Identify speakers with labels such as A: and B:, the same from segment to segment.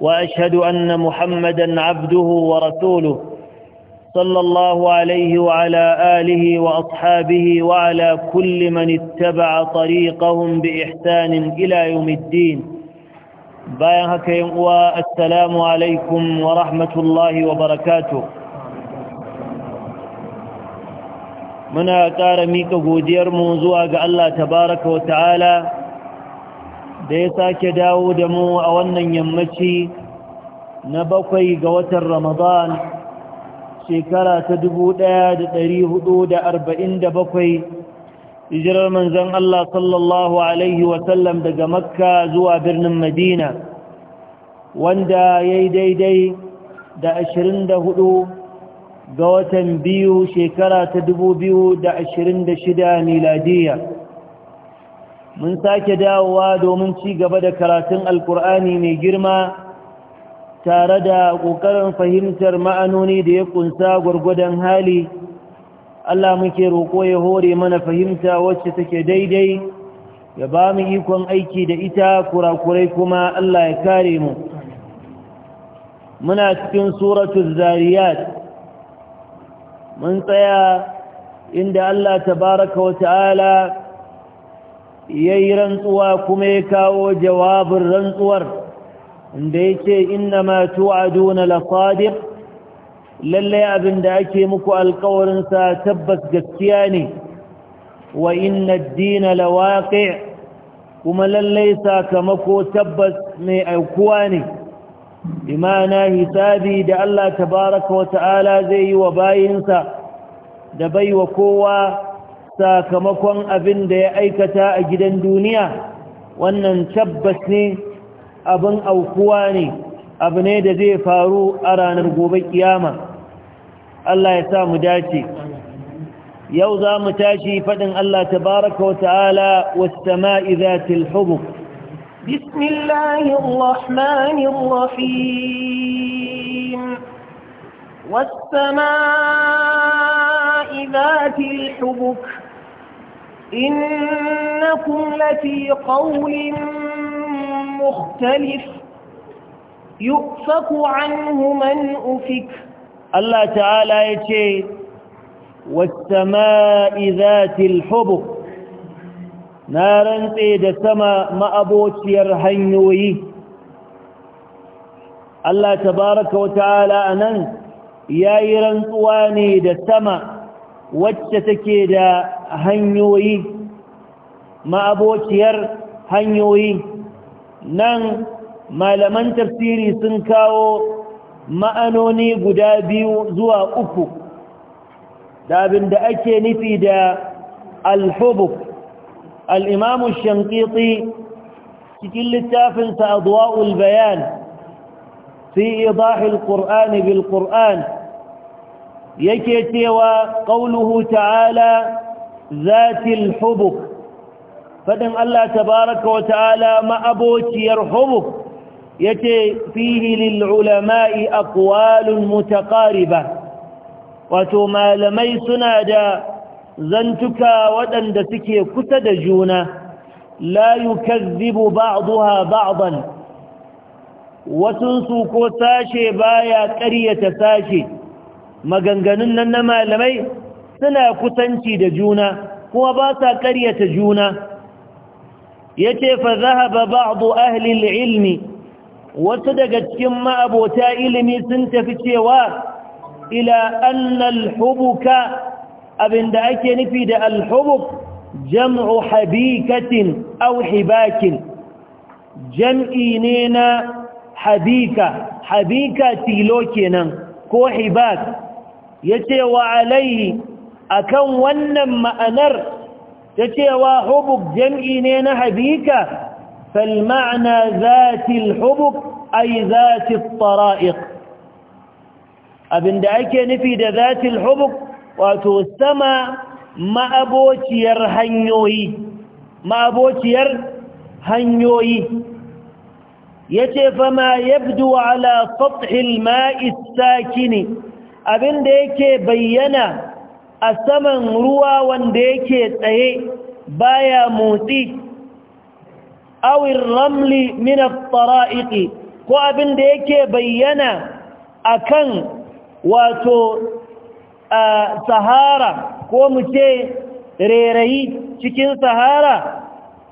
A: وأشهد أن محمدا عبده ورسوله صلى الله عليه وعلى آله وأصحابه وعلى كل من اتبع طريقهم بإحسان إلى يوم الدين بايهك يمقوى السلام عليكم ورحمة الله وبركاته muna ƙara mika godiyarmu zuwa الله تبارك وتعالى da ya sake dawo da mu a wannan yammaci na bakwai ga watan ramadan shekara ta bakwai, hijirar manzon Allah sallallahu alaihi wasallam daga makka zuwa birnin madina wanda ya yi daidai da ashirin da ga watan biyu shekara ta shida miladiyya mun sake dawowa domin ci gaba da karatun alkur'ani mai girma tare da ƙoƙarin fahimtar ma'anoni da ya ƙunsa gwargwadon hali Allah muke roƙo ya hore mana fahimta wacce take daidai ya ba mu ikon aiki da ita kurakurai kuma Allah ya kare mu muna cikin suratul zariyat mun tsaya inda Allah tabaraka wa ta'ala ya yi rantsuwa kuma ya kawo jawabin rantsuwar da ya ce inna ma tu'aduna la lafadir? lallai abin da ake muku alkawarinsa tabbas gaskiya ne wa inna dina lawaƙe. kuma lallai sakamako tabbas mai aukuwa ne Imana, hisabi da Allah tabaraka Wata'ala zai yi wa bayinsa da baiwa kowa sakamakon abin da ya aikata a gidan duniya wannan tabbas ne abin aukuwa ne abu ne da zai faru a ranar gobe kiyama Allah ya sa mu dace yau za mu tashi faɗin Allah tabaraka wa ta'ala was-sama'i zatil hubuq bismillahir rahmanir rahim إنكم لفي قول مختلف يؤفك عنه من أفك الله تعالى يتشي والسماء ذات الحبك نارا تيد سما ما أبوت يرهنوي الله تبارك وتعالى أنن يا يرنطواني دا سما واتتكي دا hanyoyi ma'abociyar hanyoyi nan malaman tafsiri sun kawo ma'anoni guda biyu zuwa uku da abin da ake nufi da alhubub al'imamu shankiti cikin littafinsa a zuwa'ul bayan fi idahil ƙur'ani bil ƙur'an yake cewa ƙauluhu ta'ala zatil hubuk faɗin Allah tabaraka wa ta'ala ma'abociyar hubuk yace fihi lil ulama'i aqwalun mutaqariba wato malamai suna da zantuka waɗanda suke kusa da juna la yukazzibu ba'daha ba'dan wasu su ko sashe baya ƙaryata sashe maganganun nan na malamai suna kusanci da juna kuma ba sa karyata juna yace fa zahaba ba'd ahli al wasu daga cikin ma'abota ilimi sun tafi cewa ila anna hubuka abinda ake nufi da al'hubu jam'u habikatin aw hibakin jam'i ne na habika habika tilo kenan ko hibak yace wa alaihi akan wannan ma'anar ta cewa hubub jam'i ne na habika fal ma'ana zatil hubub ay zatil tara'iq abinda ake nufi da zatil hubub wato sama ma'abociyar hanyoyi ma'abociyar hanyoyi yace fama yabdu ala sathil ma'i sakini abinda yake bayyana a saman ruwa wanda yake tsaye baya motsi awin ramli minaf fara'iƙi ko abin da yake bayyana a kan wato sahara ko mu ce rerayi cikin sahara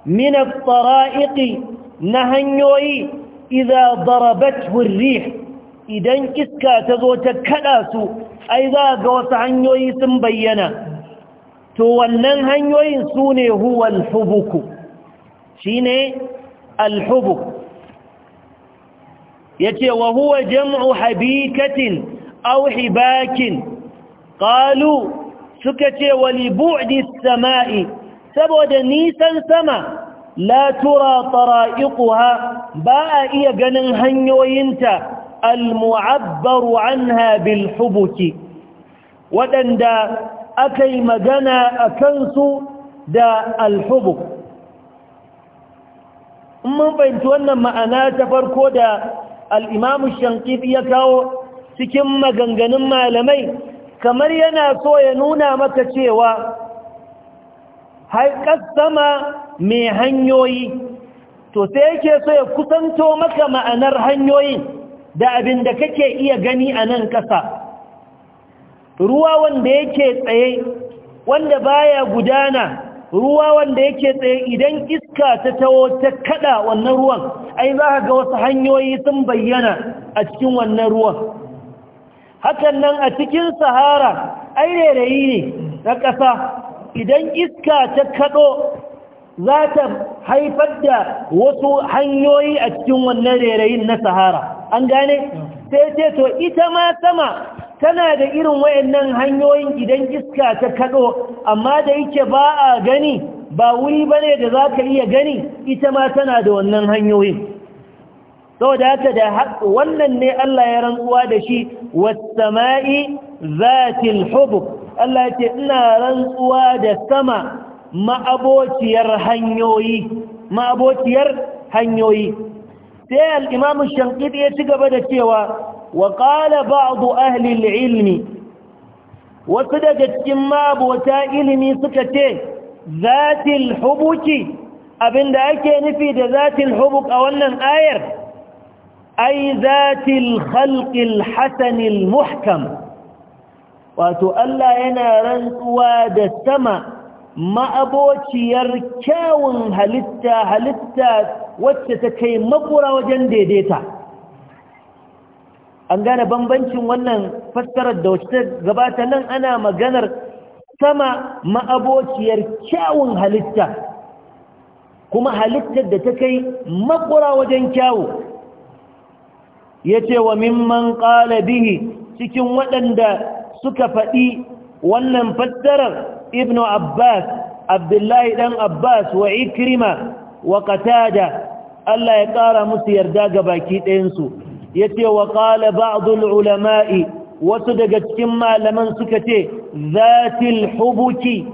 A: mina fara'iƙi na hanyoyi idan darabat hurri idan iska tazo ta kada su ai za ga wasu hanyoyi sun bayyana to wannan hanyoyin su ne huwa alhubuku shi ne alhubuk ya ce wa huwa jam'u habikatin au hibakin ƙalu suka ce wa libu'di sama'i saboda nisan sama la tura tara'iquha ba a iya ganin hanyoyinta المعبر عنها بالحبك ودندا أكي مجانا أكنس دا الحبك من فهمتونا معنا تفرقو دا الإمام الشنقيط يكاو سكم مجنجن مالمي kamar yana so ya nuna maka cewa haikar sama mai hanyoyi to sai yake so ya kusanto maka ma'anar hanyoyin da abin da kake iya gani a nan ƙasa ruwa wanda yake tsaye wanda baya gudana ruwa wanda yake tsaye idan iska ta tawo ta kada wannan ruwan ai za ka ga wasu hanyoyi sun bayyana a cikin wannan ruwan hakan nan a cikin sahara ai rairayi ne na ƙasa idan iska ta kado za ta haifar da wasu hanyoyi a cikin wannan rairayin na sahara an gane sai ce to ita ma sama tana da irin wayannan hanyoyin idan iska ta kado amma da yake ba a gani ba wuri bane da zaka iya gani ita ma tana da wannan hanyoyin saboda haka da wannan ne Allah ya rantsuwa da shi was-sama'i zatil hubub Allah ya ce ina rantsuwa da sama ma'abociyar hanyoyi ma'abociyar hanyoyi sai al'imamu shankidi ya ci gaba da cewa wa ƙala ba'adu ahlil ilmi wasu daga cikin mabota ilimi suka ce zatil hubuki abinda ake nufi da zatil hubuk a wannan ayar ai zatil khalqil hasanil muhkam wato Allah yana rantsuwa da sama ma'abociyar kyawun halitta halitta wacce ta kai makura wajen daidaita an gane bambancin wannan fassarar da wacce ta gabata nan ana maganar sama ma'abociyar kyawun halitta kuma halittar da ta kai makura wajen kyawu ya ce wa mimman ƙalabihi cikin waɗanda suka faɗi wannan fassarar ibnu abbas abdullahi dan abbas wa ikrima wa qatada Allah ya kara musu yarda ga baki ɗayansu yace ce wa ƙala ba'adul ulama'i wasu daga cikin malaman suka ce zatil hubuki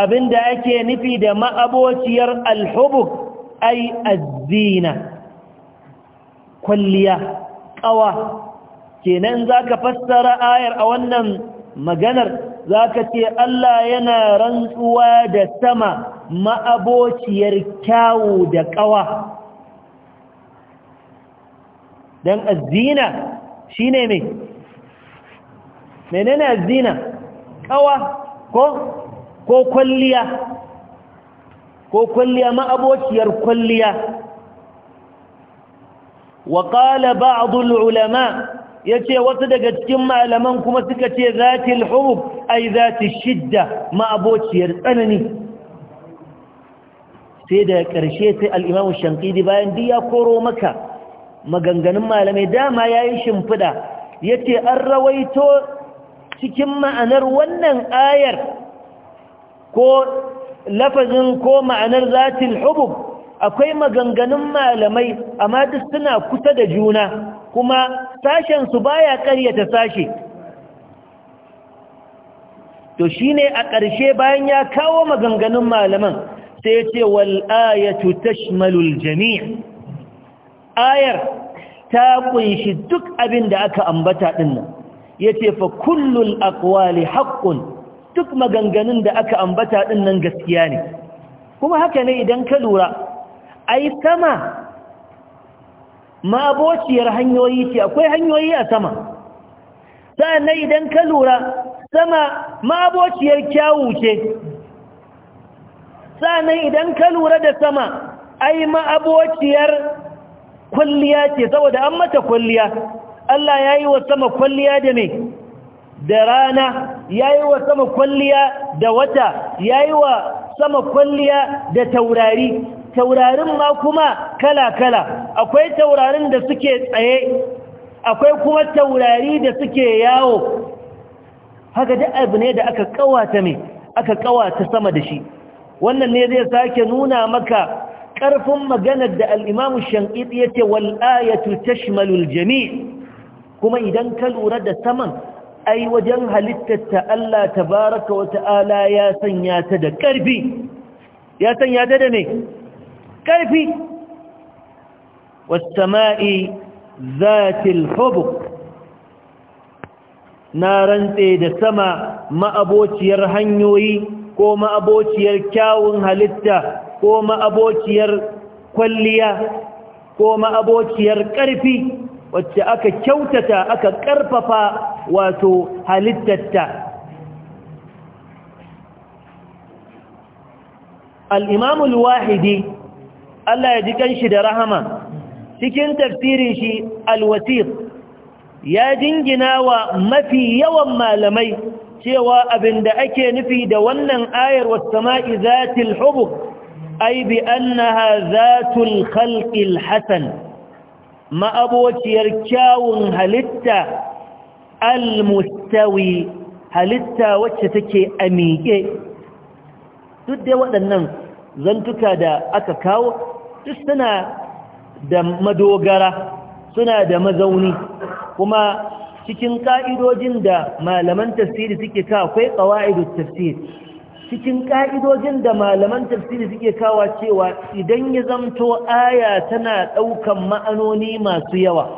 A: abinda ake nufi da ma'abociyar alhubuk ai azina kwalliya ƙawa kenan za ka fassara ayar a wannan maganar za ka ce Allah yana rantsuwa da sama ma'abociyar kyawu da ƙawa don azina shi ne mai menene azina ƙawa ko ko kwalliya ko kwalliya ma'abociyar kwalliya wa ƙala ba'adul ulama ya ce wasu daga cikin malaman kuma suka ce zatil huruf ai ta shidda ma'abociyar tsanani sai da ƙarshe sai al'imamu shankidi bayan duk ya koro maka maganganun malamai dama ya yi shimfiɗa ya ce an rawaito cikin ma'anar wannan ayar ko lafazin ko ma'anar zatil huruf akwai maganganun malamai amma duk suna kusa da juna kuma sashen su baya ta sashe. to shi ne a ƙarshe bayan ya kawo maganganun malaman sai ce wal'aya ayatu tashmalul jami'a ayar ta ƙunshi duk abin da aka ambata dinnan ce fa kullul akwali haƙƙun duk maganganun da aka ambata dinnan gaskiya ne kuma haka ne idan ka lura ai sama bociyar hanyoyi ce akwai hanyoyi a sama sa'annan idan ka lura sama bociyar kyawu ce sa'annan idan ka lura da sama ai abociyar kwalliya ce saboda an mata kwalliya Allah ya yi wa sama kwalliya da ne da rana ya yi wa sama kwalliya da wata ya yi wa sama kwalliya da taurari taurarin ma kuma kala-kala akwai taurarin da suke tsaye akwai kuma taurari da suke yawo haka da abu ne da aka kawata mai aka kawata sama da shi wannan ne zai sake nuna maka ƙarfin maganar da al'imamu shanƙiɗi ya ce wal'ayatu tashmalul jami kuma idan ka lura da saman ai wajen halittarta Allah tabaraka wa ta'ala ya sanya ta da ƙarfi ya sanya ta da ne ƙarfi wasama'i zatil hubuk na rantse da sama ma'abociyar hanyoyi ko ma'abociyar kyawun halitta ko ma'abociyar kwalliya ko ma'abociyar ƙarfi wacce aka kyautata aka ƙarfafa wato halittarta imamul wahidi Allah ya ji kanshi da rahama cikin tafsirin shi alwasir ya jingina wa mafi yawan malamai cewa abinda ake nufi da wannan ayar wasama'i zatil hubub ai bi annaha zatul khalqil hasan ma'abociyar kyawun halitta almustawi halitta wacce take a miƙe duk da waɗannan zantuka da aka kawo duk suna da madogara suna da mazauni kuma cikin ka'idojin da malaman tafsiri suke ka akwai ƙawa'idun tafsir cikin ka'idojin da malaman tafsiri suke kawa cewa idan ya zamto aya tana ɗaukan ma'anoni masu yawa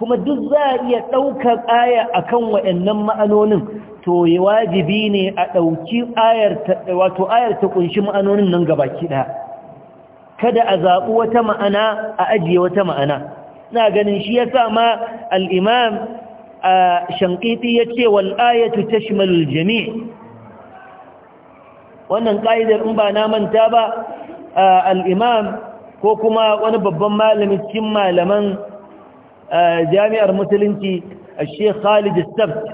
A: kuma duk za a iya ɗaukar aya a kan wa'yannan ma'anonin to yi wajibi ne a ɗauki ayar ta ƙunshi ma'anonin nan gabaki ɗaya kada a zaɓi wata ma'ana a ajiye wata ma'ana na ganin shi ya sa ma al'imam a shankiti ya ce wal'ayatu ta shimalul jami wannan ƙa'idar in ba na manta ba al'imam ko kuma wani babban malami cikin malaman jami'ar musulunci a sheikh khalid sabt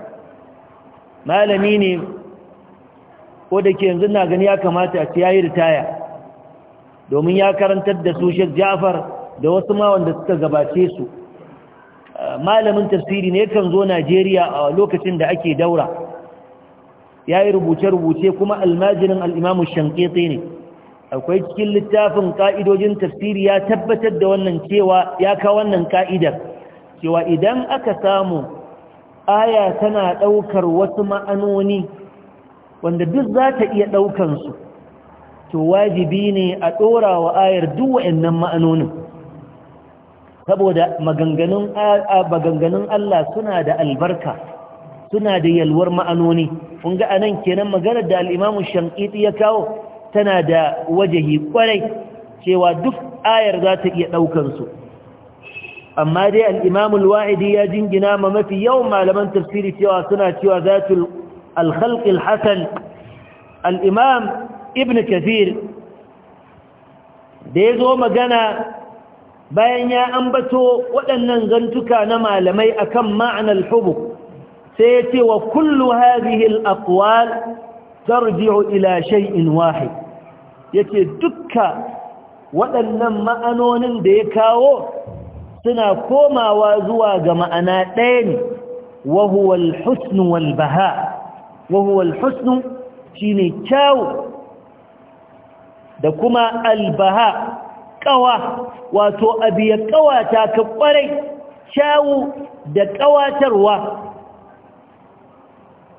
A: malami ne ko da ke yanzu na gani ya kamata a ya yi ritaya domin ya karantar da su Sheikh Ja'far da wasu ma wanda suka gabace su malamin tafsiri ne kan zo Najeriya a lokacin da ake daura Ya yi rubuce-rubuce kuma almajirin al-Imam Shankiti ne akwai cikin littafin ka'idojin tafsiri ya tabbatar da wannan cewa ya ka wannan ka'idar cewa idan aka samu aya tana ɗaukar wasu ma'anoni wanda duk za ta iya ɗaukansu. to wajibi ne a ɗora wa ayar duk nan ma'anonin saboda maganganun Allah suna da albarka suna da yalwar ma'anoni kun ga anan kenan maganar da al'imamu shankiti ya kawo tana da wajahi kwarai cewa duk ayar za ta iya ɗaukansu amma dai al'imamu wa'idi ya jingina ma mafi yawan malaman tafsiri cewa suna cewa zatul alhalƙil hasan al'imam ibn kathir da ya zo magana bayan ya ambato waɗannan zantuka na malamai akan ma'anar hubu sai ya ce wa kullu hadhihi al-aqwal tarji'u ila shay'in ya yace dukka waɗannan ma'anonin da ya kawo suna komawa zuwa ga ma'ana ɗaya ne wa husnu al wal baha shine kyawu da kuma albaha kawa wato abu ya kawata ka kwarai kyawu da kawatarwa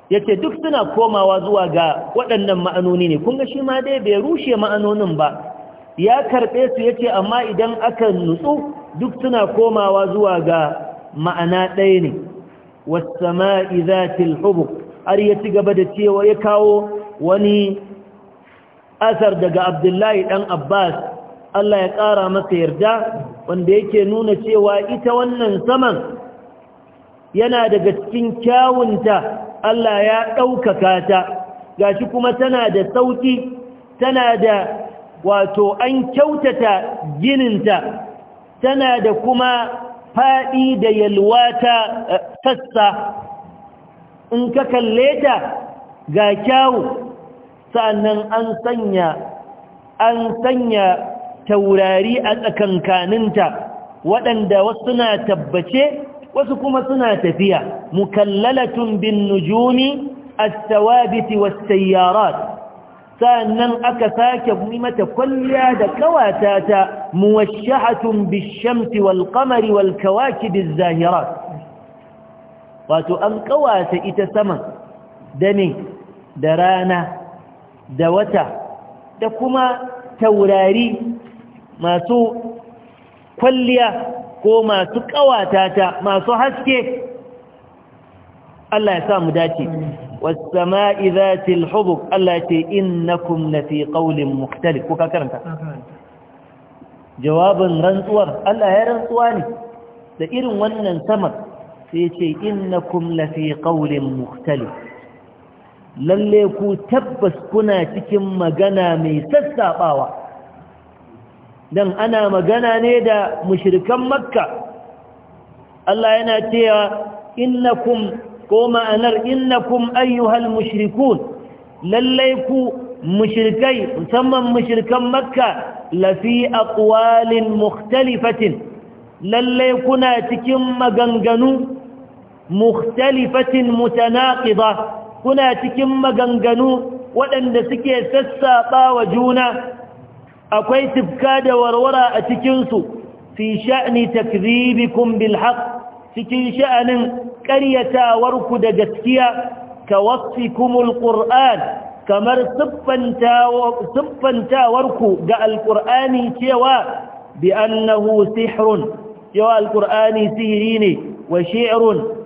A: yace duk suna komawa zuwa ga waɗannan ma'anoni ne kun ga shi ma dai bai rushe ma'anonin ba ya karɓe su yace amma idan aka nutsu duk suna komawa zuwa ga ma'ana ɗaya ne sama'i zatil hubuk har ya ci gaba da cewa ya kawo wani asar daga abdullahi dan abbas Allah ya ƙara masa yarda wanda yake nuna cewa ita wannan saman yana daga cikin kyawunta Allah ya ɗaukaka ta shi kuma tana da sauƙi tana da wato an kyautata gininta tana da kuma faɗi da yalwata eh, sassa in ka kalle ta ga kyawu Sanan an sanya an sanya taurari a tsakankaninta waɗanda wasu suna tabbace wasu kuma suna tafiya mukallalatun bin nujumi as-sawabiti was-sayyarat sannan aka sake mata kwalliya da kawata ta muwashshahatun bish-shamsi wal-qamari wal-kawakib az-zahirat wato an kawata ita sama da ne da rana da wata da kuma taurari masu kwalliya ko masu ta masu haske Allah ya sa mu dace wasama'i zatil hubub Allah ya ce innakum fi qaulin mukhtalif ko ka karanta jawabin rantsuwar Allah ya rantsuwa ne da irin wannan samar sai ya ce innakum fi qaulin mukhtalif lalle ku tabbas kuna cikin magana mai sassaɓawa dan ana magana ne da mushrikan makka Allah yana cewa innakum ko ma'anar innakum ayyuhal mushrikun lalle ku mushrikai musamman mushrikan makka lafi aqwalin mukhtalifatin lalle kuna cikin maganganu mukhtalifatin mutanaqida kuna cikin maganganu waɗanda suke sassaɓa wa juna akwai tifka da warwara a cikinsu fi sha'ani takzibikum bil haqq cikin sha'anin ƙaryatawarku da gaskiya ka wasikumul qur'an kamar siffantawarku ga alƙur'ani cewa bi annahu sihrun cewa alƙur'ani sihiri ne wa shi'run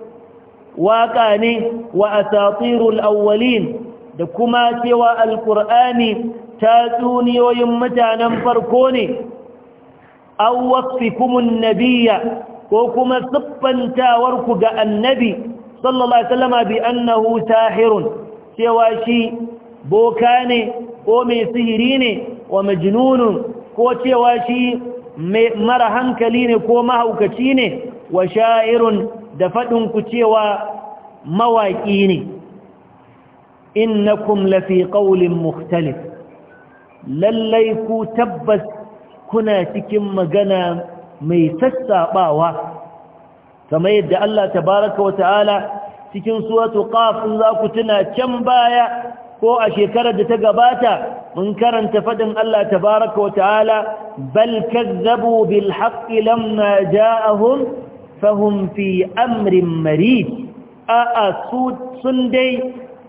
A: waƙa ne wa asatirul awwalin da kuma cewa alkur'ani tatsuniyoyin mutanen farko ne aw wasfikumun nabiyya ko kuma siffantawarku ku ga annabi sallallahu alaihi wasallama bi annahu sahirun cewa shi boka ne ko mai sihiri ne wa majnunun ko cewa shi mara hankali ne ko mahaukaci ne wa sha'irun da faɗin ku cewa mawaƙi ne innakum fi ƙaulin mukhtalif lallai ku tabbas kuna cikin magana mai sassaɓawa kamar yadda Allah tabaraka wa ta'ala cikin suratu qaf za ku tuna can baya ko a shekarar da ta gabata mun karanta faɗin Allah tabaraka wa ta'ala bal kazzabu bil haqqi lamma ja'ahum fahum fi amrin marid a'a su sun dai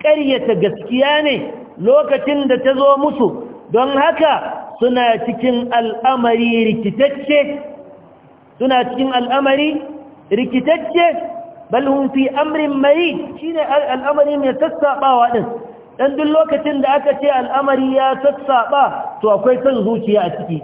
A: ƙaryata gaskiya ne lokacin da ta zo musu don haka suna cikin al'amari rikitacce suna cikin al'amari rikitacce bal fi amrin shine al'amari mai sassabawa din dan duk lokacin da aka ce al'amari ya sassaɓa to akwai son zuciya a ciki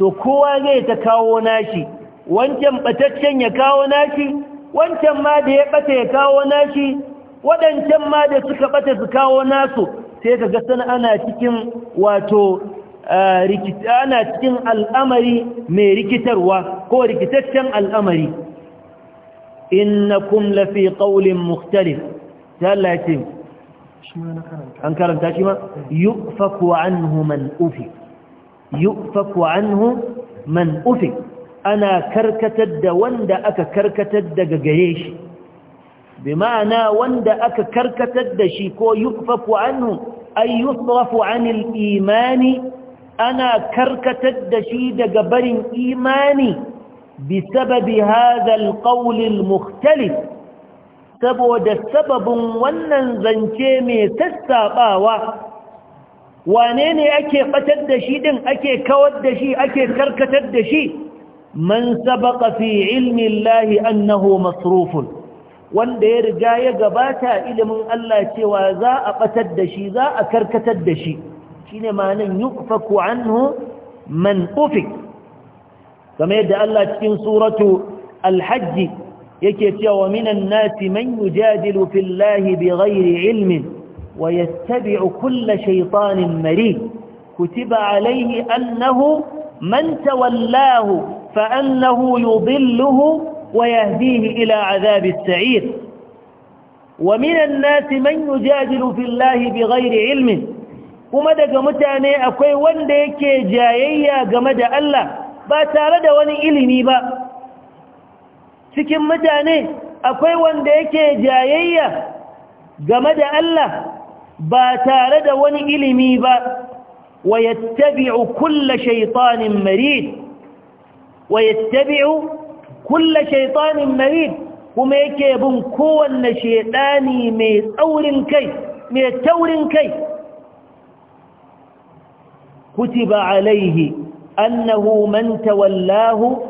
A: to kowa zai ta kawo nashi wancan bataccen ya kawo nashi wancan ma da ya ɓata ya kawo nashi waɗancan ma da suka bata su kawo nasu sai ka gasan ana cikin wato ana cikin al'amari mai rikitarwa ko rikitaccen al'amari innakum lafi ƙaulin mukhtalif tallace an karanta shi ma yufaku anhu man ufi yufaku anhu man ufi ana karkatar da wanda aka karkatar daga gare shi bi ma'ana wanda aka karkatar da shi ko yukfafu anhu ay yusrafu anil imani ana karkatar da shi daga barin imani bi sababi hadha alqawl saboda sababin wannan zance mai sassaɓawa, wane ne ake batar da shi din ake kawar da shi ake karkatar da shi man sabaqa fi ilmi Allah annahu masrufun wanda ya riga ya gabata ilimin Allah cewa za a batar da shi za a karkatar da shi shine ma'anan yufaku anhu man ufik kamar yadda Allah cikin suratu al-hajj yake cewa minan nasi man yujadilu fillahi bighairi ilmin wa yattabi'u kulla shaytanin marid kutiba alayhi annahu man tawallahu فأنه يضله ويهديه إلى عذاب السعير ومن الناس من يجادل في الله بغير علم كما د ك متاني أ ك و ي وندك جايي باتارد وني إ ل م ي ب ا سكم متاني أ ك و ي وندك جايي باتارد وني إ ل ويتبع كل شيطان مريد Wai wa yattabi'u kulla shaytanin marid kuma yake bin kowanne shedani mai tsaurin kai mai taurin kai kutiba alaihi an nahu manta wallahu,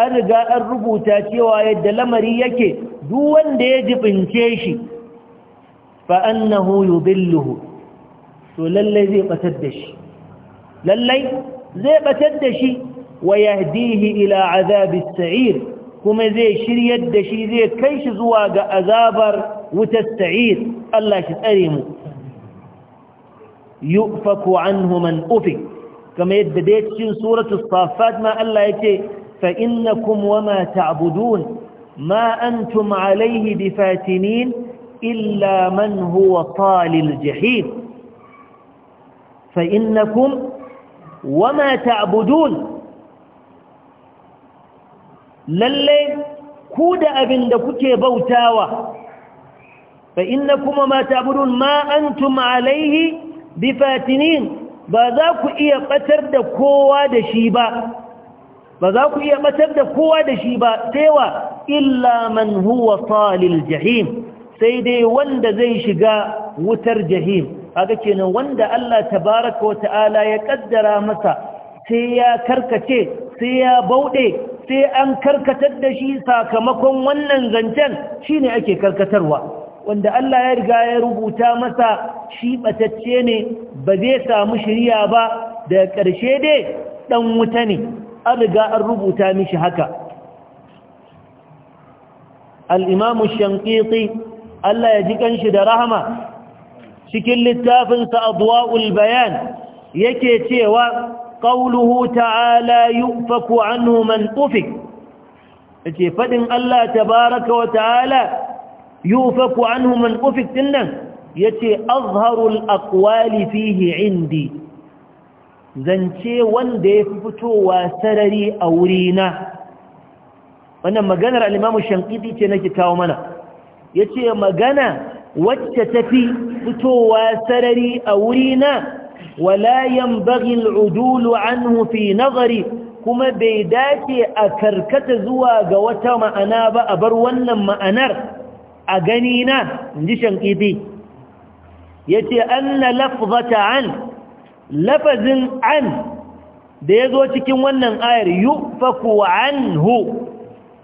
A: an riga an rubuta cewa yadda lamari yake duk wanda ya jibince shi fa annahu yudilluhu to lallai zai batar da lallai zai batar da shi ويهديه إلى عذاب السعير كما زي شرية دشي زي كيش زواج أذابر وتستعير الله شتأريمه يؤفك عنه من أفك كما يتبديت شين سورة الصافات ما الله يتي فإنكم وما تعبدون ما أنتم عليه بفاتنين إلا من هو طال الجحيم فإنكم وما تعبدون lalle ku da abin da kuke bautawa fa kuma ma ta'budun ma antum alaihi bifatinin ba za ku iya batar da kowa da shi ba ba za ku iya batar da kowa da shi ba saiwa illa man huwa salil jahim sai dai wanda zai shiga wutar jahim haka kenan wanda Allah tabaraka wata'ala ya kaddara masa sai ya karkace sai ya bauɗe sai an karkatar da shi sakamakon wannan zancen shine ake karkatarwa wanda Allah ya riga ya rubuta masa shi ne ba zai samu shiriya ba da ƙarshe dai ɗan wuta ne an riga an rubuta mishi haka al'imamu shankiti Allah ya ji shi da rahama cikin littafinsa abuwa'ul bayan yake cewa قوله تعالى يؤفك عنه من طفك ce faɗin Allah tabaraka wa ta'ala yufaku anhu man ufik dinnan yace azharul aqwali fihi indi zance wanda yafi fitowa sarari a wurina wannan maganar al-Imam Shankiti ce nake kawo mana yace magana wacce tafi fitowa sarari a wurina ولا ينبغي العدول عنه في نظري kuma bai dace a karkata zuwa ga wata ma'ana ba a bar wannan ma'anar a gani na ji shankidi ya ce an na lafzata an lafazin an da ya zo cikin wannan ayar yu faku an hu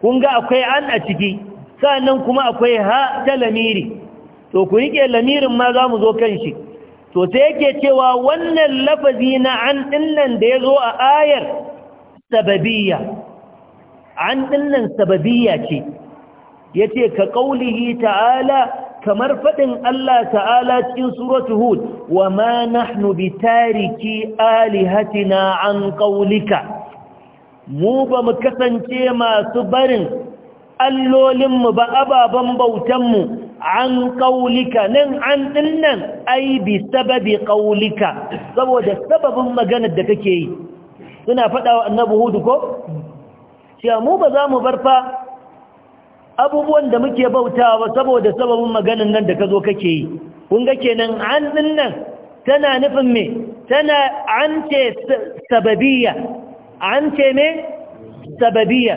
A: kun ga akwai an a ciki sa'annan kuma akwai ha ta lamiri to ku riƙe lamirin ma za mu zo kan shi to sai yake cewa wannan lafazi na an dinnan da ya zo a ayar sababiyya an dinnan sababiyya ce ya ce ka ƙaulihi ta'ala kamar faɗin Allah ta'ala cikin suratu hud wa ma nahnu bi tariki alihatina an ƙaulika mu ba mu kasance masu barin allolinmu ba ababen bautanmu an kaulika nan an dinnan ai bi sababi kaulika saboda sababin maganar da kake yi suna fada wa annabi hudu ko cewa mu ba za mu bar fa abubuwan da muke bautawa saboda sababin maganar nan da ka zo kake yi kun ga kenan an dinnan tana nufin me tana an ce sababiyya an ce me sababiyya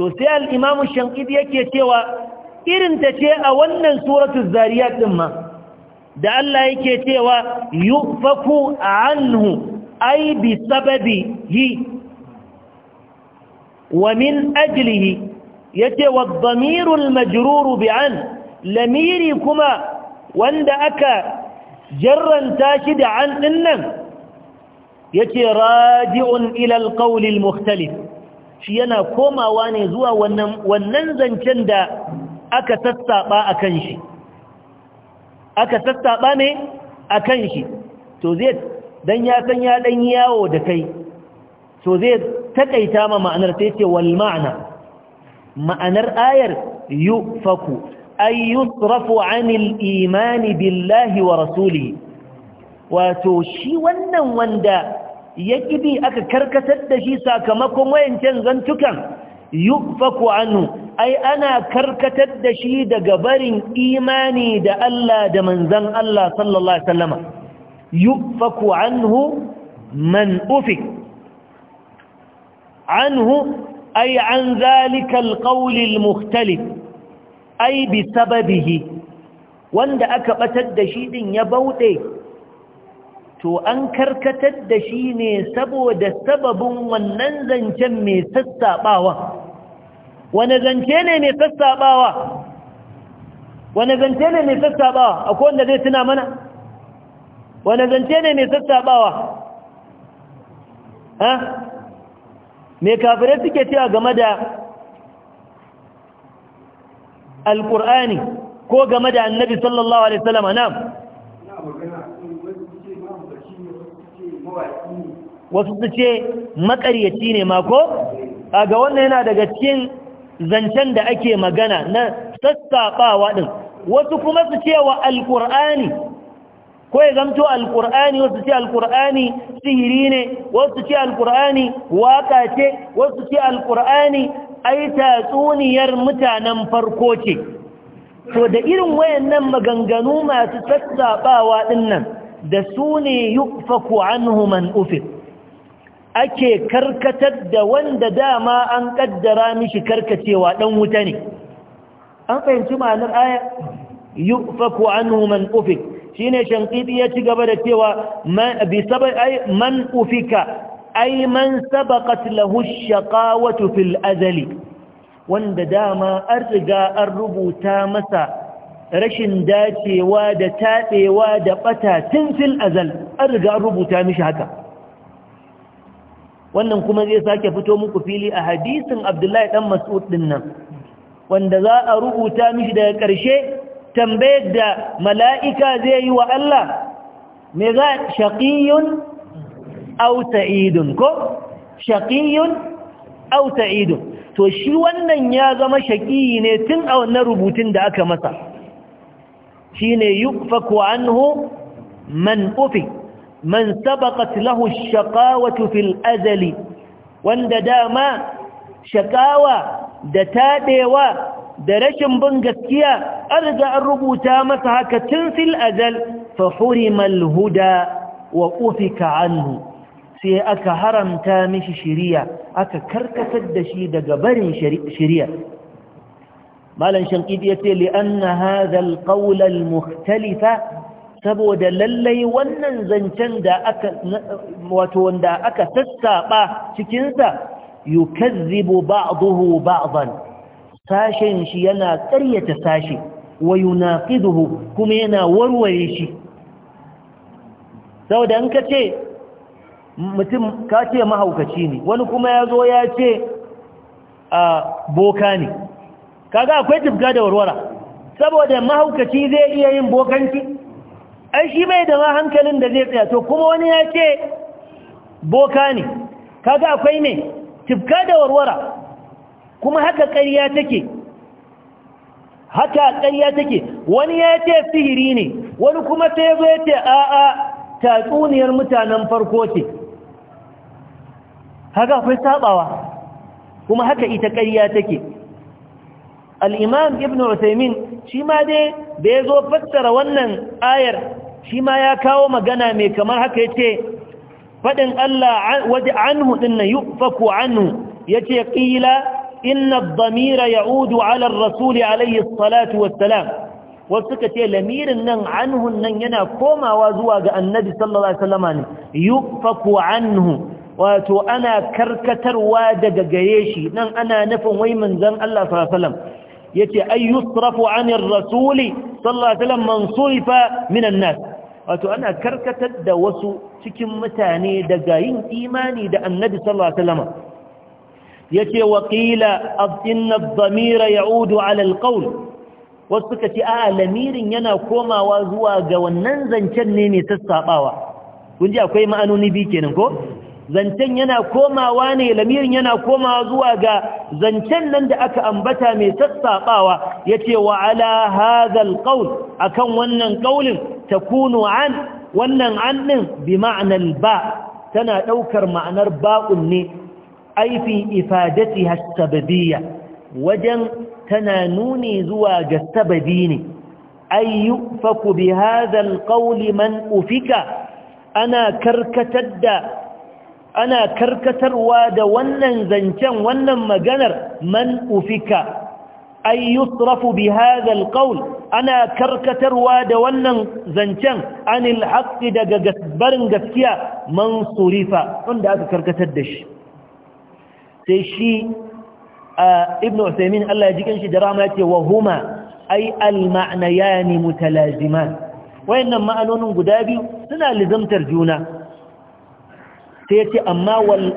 A: to sai al-imamu yake cewa irin ta ce a wannan suratun Zariya din ma da Allah yake cewa a hannu aibi bi sababihi wa min ajlihi yace ce, wa al-majruru bi an lamiri kuma wanda aka jarranta shi da an dinnan yace raji'un ilal al-qawl shi yana komawa ne zuwa wannan zancen da aka sassaɓa a kan shi aka sassaɓa ne a kan shi to zai don ya san ya ɗan yawo da kai to zai taƙaita ma ma'anar sai ce wal ma'ana ma'anar ayar yu faku ay yusrafu anil imani billahi wa rasulihi wato shi wannan wanda ya kibi aka karkatar da shi sakamakon wayancan zantukan يؤفك عنه أي أنا كركتت دشي قبر إيماني دا الله دا منزل الله صلى الله عليه وسلم يؤفك عنه من أفك عنه أي عن ذلك القول المختلف أي بسببه وند أكبتت دشي دين يبوتي to an karkatar da shi ne saboda sababin wannan zancen mai wani zance ne mai sassaɓawa wani zance ne mai sassaɓawa akwai wanda zai tuna mana wani zance ne mai sassaɓawa ha mai kafirai suke cewa game da alƙur'ani ko game da annabi sallallahu alaihi wasallam na wasu su ce makaryaci ne mako? a ga wannan yana daga cikin zancen da ake magana na sassaɓawa ɗin wasu kuma su cewa alƙur'ani ko ya zamto alƙur'ani wasu ce alƙur'ani sihiri ne wasu ce alƙur'ani waƙa ce wasu ce alƙur'ani ai tatsuniyar mutanen farko ce to da irin wayannan maganganu masu sassaɓawa ɗin nan da su ne yufaku anhu man ake karkatar da wanda dama an kaddara mishi karkacewa dan wuta ne an fahimci ma'anar aya yufaku anhu man ufik shine shankidi ya ci gaba da cewa bi sabai ay man ufika ay man sabaqat lahu ash-shaqawatu fil azali wanda dama an riga an rubuta masa rashin dacewa da taɓewa da ɓata tun fil azal an riga an rubuta mishi haka wannan kuma zai sake fito muku fili a hadisin abdullahi dan mas'ud din nan wanda za a rubuta mishi daga ƙarshe tambayar da mala'ika zai yi wa Allah me za shaƙiyun aw sa'idun ko Shaƙiyun aw sa'idun to shi wannan ya zama shaƙiyi ne tun a wannan rubutun da aka masa shine yukfaku anhu man ufik man sabaqat lahu ash-shaqawatu fil azali wanda dama shakawa da tadewa da rashin bin gaskiya an riga an rubuta masa haka tun fil azal fa hurima al-huda wa ufika anhu sai aka haramta mishi shiriya aka karkatar da shi daga barin shiriya malam shanqidi yace li anna hadha al-qawl al-mukhtalifa saboda lallai wannan zancen da aka wato wanda aka sassaɓa cikinsa yukazzibu ba'dahu ba'dan sashen shi yana ƙaryata sashe wa yunaqiduhu kuma yana warware shi saboda an kace ce mutum ka ce mahaukaci ne wani kuma ya zo ya ce a boka ne kaga akwai tufka da warwara saboda mahaukaci zai iya yin bokanci An shi bai da ma hankalin da zai tsaya to kuma wani ya ce boka ne kaga akwai ne tifka da warwara kuma haka ƙarya take haka ƙarya take wani ya ce sihiri ne wani kuma sai yi zai ce a'a tatsuniyar mutanen farko ce haka akwai sabawa kuma haka ita ƙarya take al'imam ibn Uthaymin shi ma dai da ya zo fassara wannan ayar shi ma ya kawo magana mai kamar haka ya ce faɗin Allah waje anhu ɗin yi faku anhu ya ce ƙila inna damira ya udu alar rasuli alayhi salatu wassalam wasu suka ce lamirin nan anhun nan yana komawa zuwa ga annabi sallallahu anhu wato ana karkatarwa daga gare shi nan ana nufin wai manzon Allah sallallahu alaihi wasallam yace ay yusrafu anir rasuli sallallahu alaihi wasallam man sulfa minan wato ana karkatar da wasu cikin mutane daga yin imani da annabi sallallahu alaihi wasallam yace wa qila inna adh-dhamira ya'udu 'ala al-qawl wasu suka ce a lamirin yana komawa zuwa ga wannan zancen ne ne sassabawa kun ji akwai ma'anoni bi kenan ko zancen yana komawa ne lamirin yana komawa zuwa ga zancen nan da aka ambata mai sassaɓawa ya ce wa ala hazal ƙaul a kan wannan ƙaulin ta kunu an wannan an ɗin bi ma'anar ba tana ɗaukar ma'anar baƙun ne aifi ifadati hasababiyya wajen tana nuni zuwa ga sababi ne ay yufaku bi hazal ƙauli man ufika ana karkatar da ana karkatarwa da wannan zancen wannan maganar man ufika ay yusrafu bi hadha alqawl ana karkatarwa da wannan zancen anil haqqi daga gasbarin gaskiya man surifa wanda aka karkatar da shi sai shi ibnu usaymin Allah ya ji kanshi da rahama yace wa huma ay al ma'nayani mutalaziman wayannan ma'anonin guda biyu suna lizamtar juna sai ya amma wal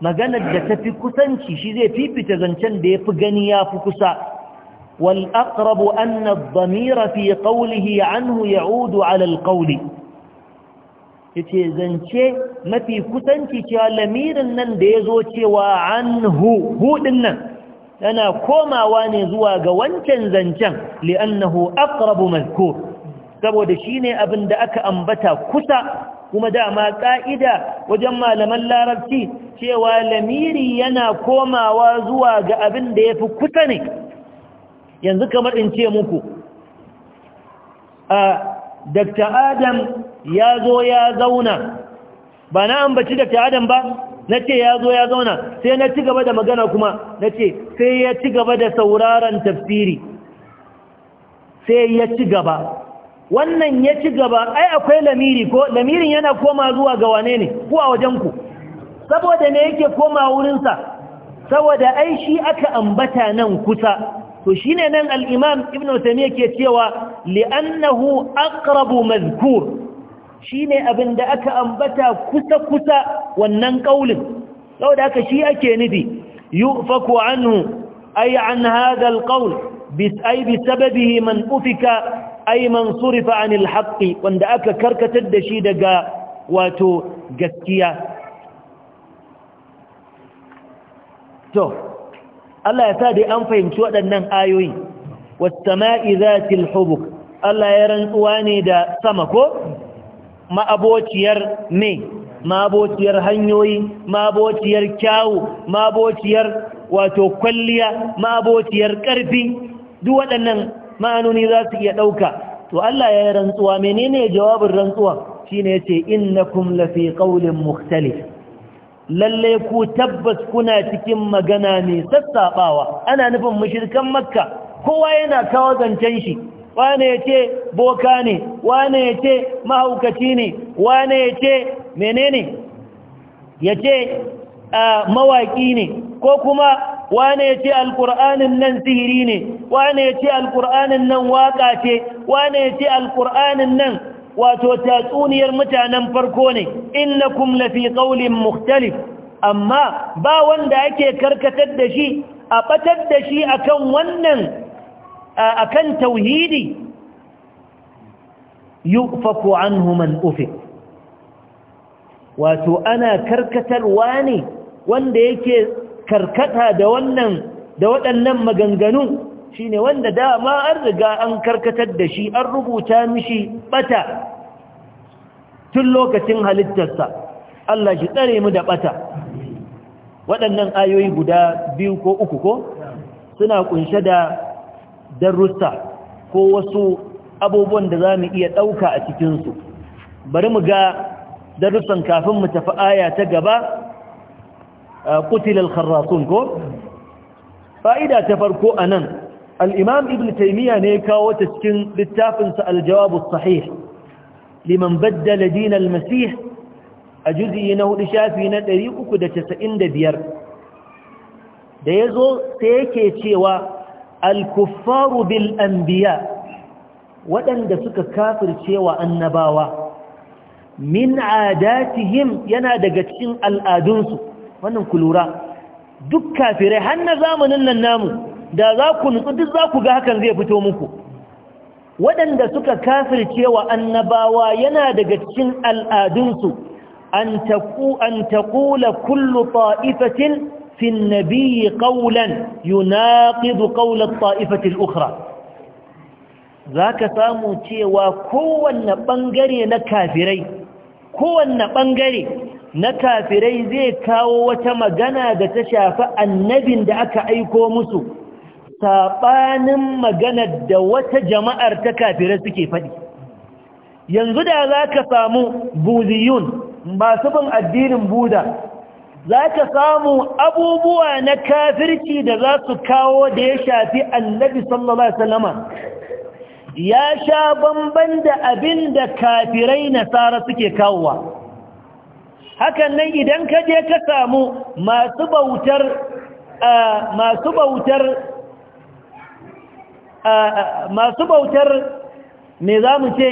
A: maganar da tafi kusanci shi zai fifita zancen da yafi gani yafi kusa wal aqrabu anna adh-dhamira fi qawlihi anhu ya'udu 'ala al-qawli yace zance mafi kusanci cewa lamirin nan da yazo cewa anhu hu nan yana komawa ne zuwa ga wancan zancen li'annahu aqrabu mazkur saboda shine abin da aka ambata kusa kuma da ma ka'ida wajen malaman larabci cewa lamiri yana komawa zuwa ga abin da ya fi kusa ne yanzu kamar in ce muku a dr adam ya zo ya zauna ba na ambaci Dr. adam ba na ce ya zo ya zauna sai na ci gaba da magana kuma na ce sai ya ci gaba da sauraron tafsiri sai ya ci gaba wannan ya ci gaba ai akwai lamiri ko lamirin yana koma zuwa ga wane ne ko a wajenku saboda ne yake koma wurinsa saboda ai shi aka ambata nan kusa to ne nan al-imam ibnu taymiyyah ke cewa li'annahu aqrabu mazkur abin da aka ambata kusa kusa wannan ƙaulin saboda aka shi ake nufi yufaku anhu ay an hadha al-qawl bi bi sababihi man ufika ay man surifa anil haqqi wanda aka karkatar da shi daga wato gaskiya to Allah ya sa dai an fahimci waɗannan ayoyi was-sama'i zatil hubuk Allah ya rantsuwa ne da sama ko ma'abociyar me ma'abociyar hanyoyi ma'abociyar kyawu ma'abociyar wato kwalliya ma'abociyar ƙarfi duk waɗannan ma'anoni za su iya ɗauka to Allah ya yi rantsuwa menene jawabin rantsuwa shi ne shine yace na lafi ƙaunin muktali? lalle ku tabbas kuna cikin magana ne sassaɓawa? ana nufin mashirkan makka kowa yana kawo zancen shi wane ce boka ne wane ce mahaukaci ne wane ce menene ya ce ah, mawaƙi ne ko kuma wane ya ce alƙur'anin nan sihiri ne wane ya ce alƙur'anin nan waƙa ce wane ya ce alƙur'anin nan wato tatsuniyar mutanen farko ne na fi qawlin mukhtalif amma ba wanda ake karkatar da shi a batar da shi kan wannan kan tauhidi yufaku an man ufik wato ana karkatarwa ne wanda yake karkata da wannan da waɗannan maganganun ne, wanda dama an riga an karkatar da shi an rubuta mishi bata tun lokacin halittarsa Allah shi tsare mu da ɓata. waɗannan ayoyi guda biyu ko uku ko suna kunshe da darussa ko wasu abubuwan da za mu iya ɗauka a cikinsu bari mu ga darussan kafin mu tafi aya ta gaba kutilal kharrasun ko fa'ida ta farko a nan al'imam ibn taimiyya ne ya kawo ta cikin littafinsa aljawabu sahih liman baddala dinar masih a juzi na hudu shafi na 395 da da biyar. ya zo sai yake cewa alkuffaru bil anbiya waɗanda suka kafircewa annabawa min him yana daga cikin al'adunsu wannan ku lura duk kafirai har na zamanin nan namu da za ku nutsu duk za ku ga hakan zai fito muku waɗanda suka kafir cewa annabawa yana daga cikin al'adunsu an taƙula kullu ta'ifatin fi nabiyyi ƙaunan yunaƙidu ƙaunar ta'ifatin ukra za ka samu cewa kowanne ɓangare na kafirai kowanne ɓangare na kafirai zai kawo wata magana da ta shafi annabin da aka aiko musu saɓanin magana da wata jama'ar ta kafirai suke faɗi yanzu da za ka samu buziyun masu bin addinin buda za ka samu abubuwa na kafirci da za su kawo da ya shafi annabi sallallahu alaihi wasallama ya sha bamban da abinda da kafirai nasara suke kawowa hakan nan idan ka je ka samu masu bautar masu bautar masu bautar me za mu ce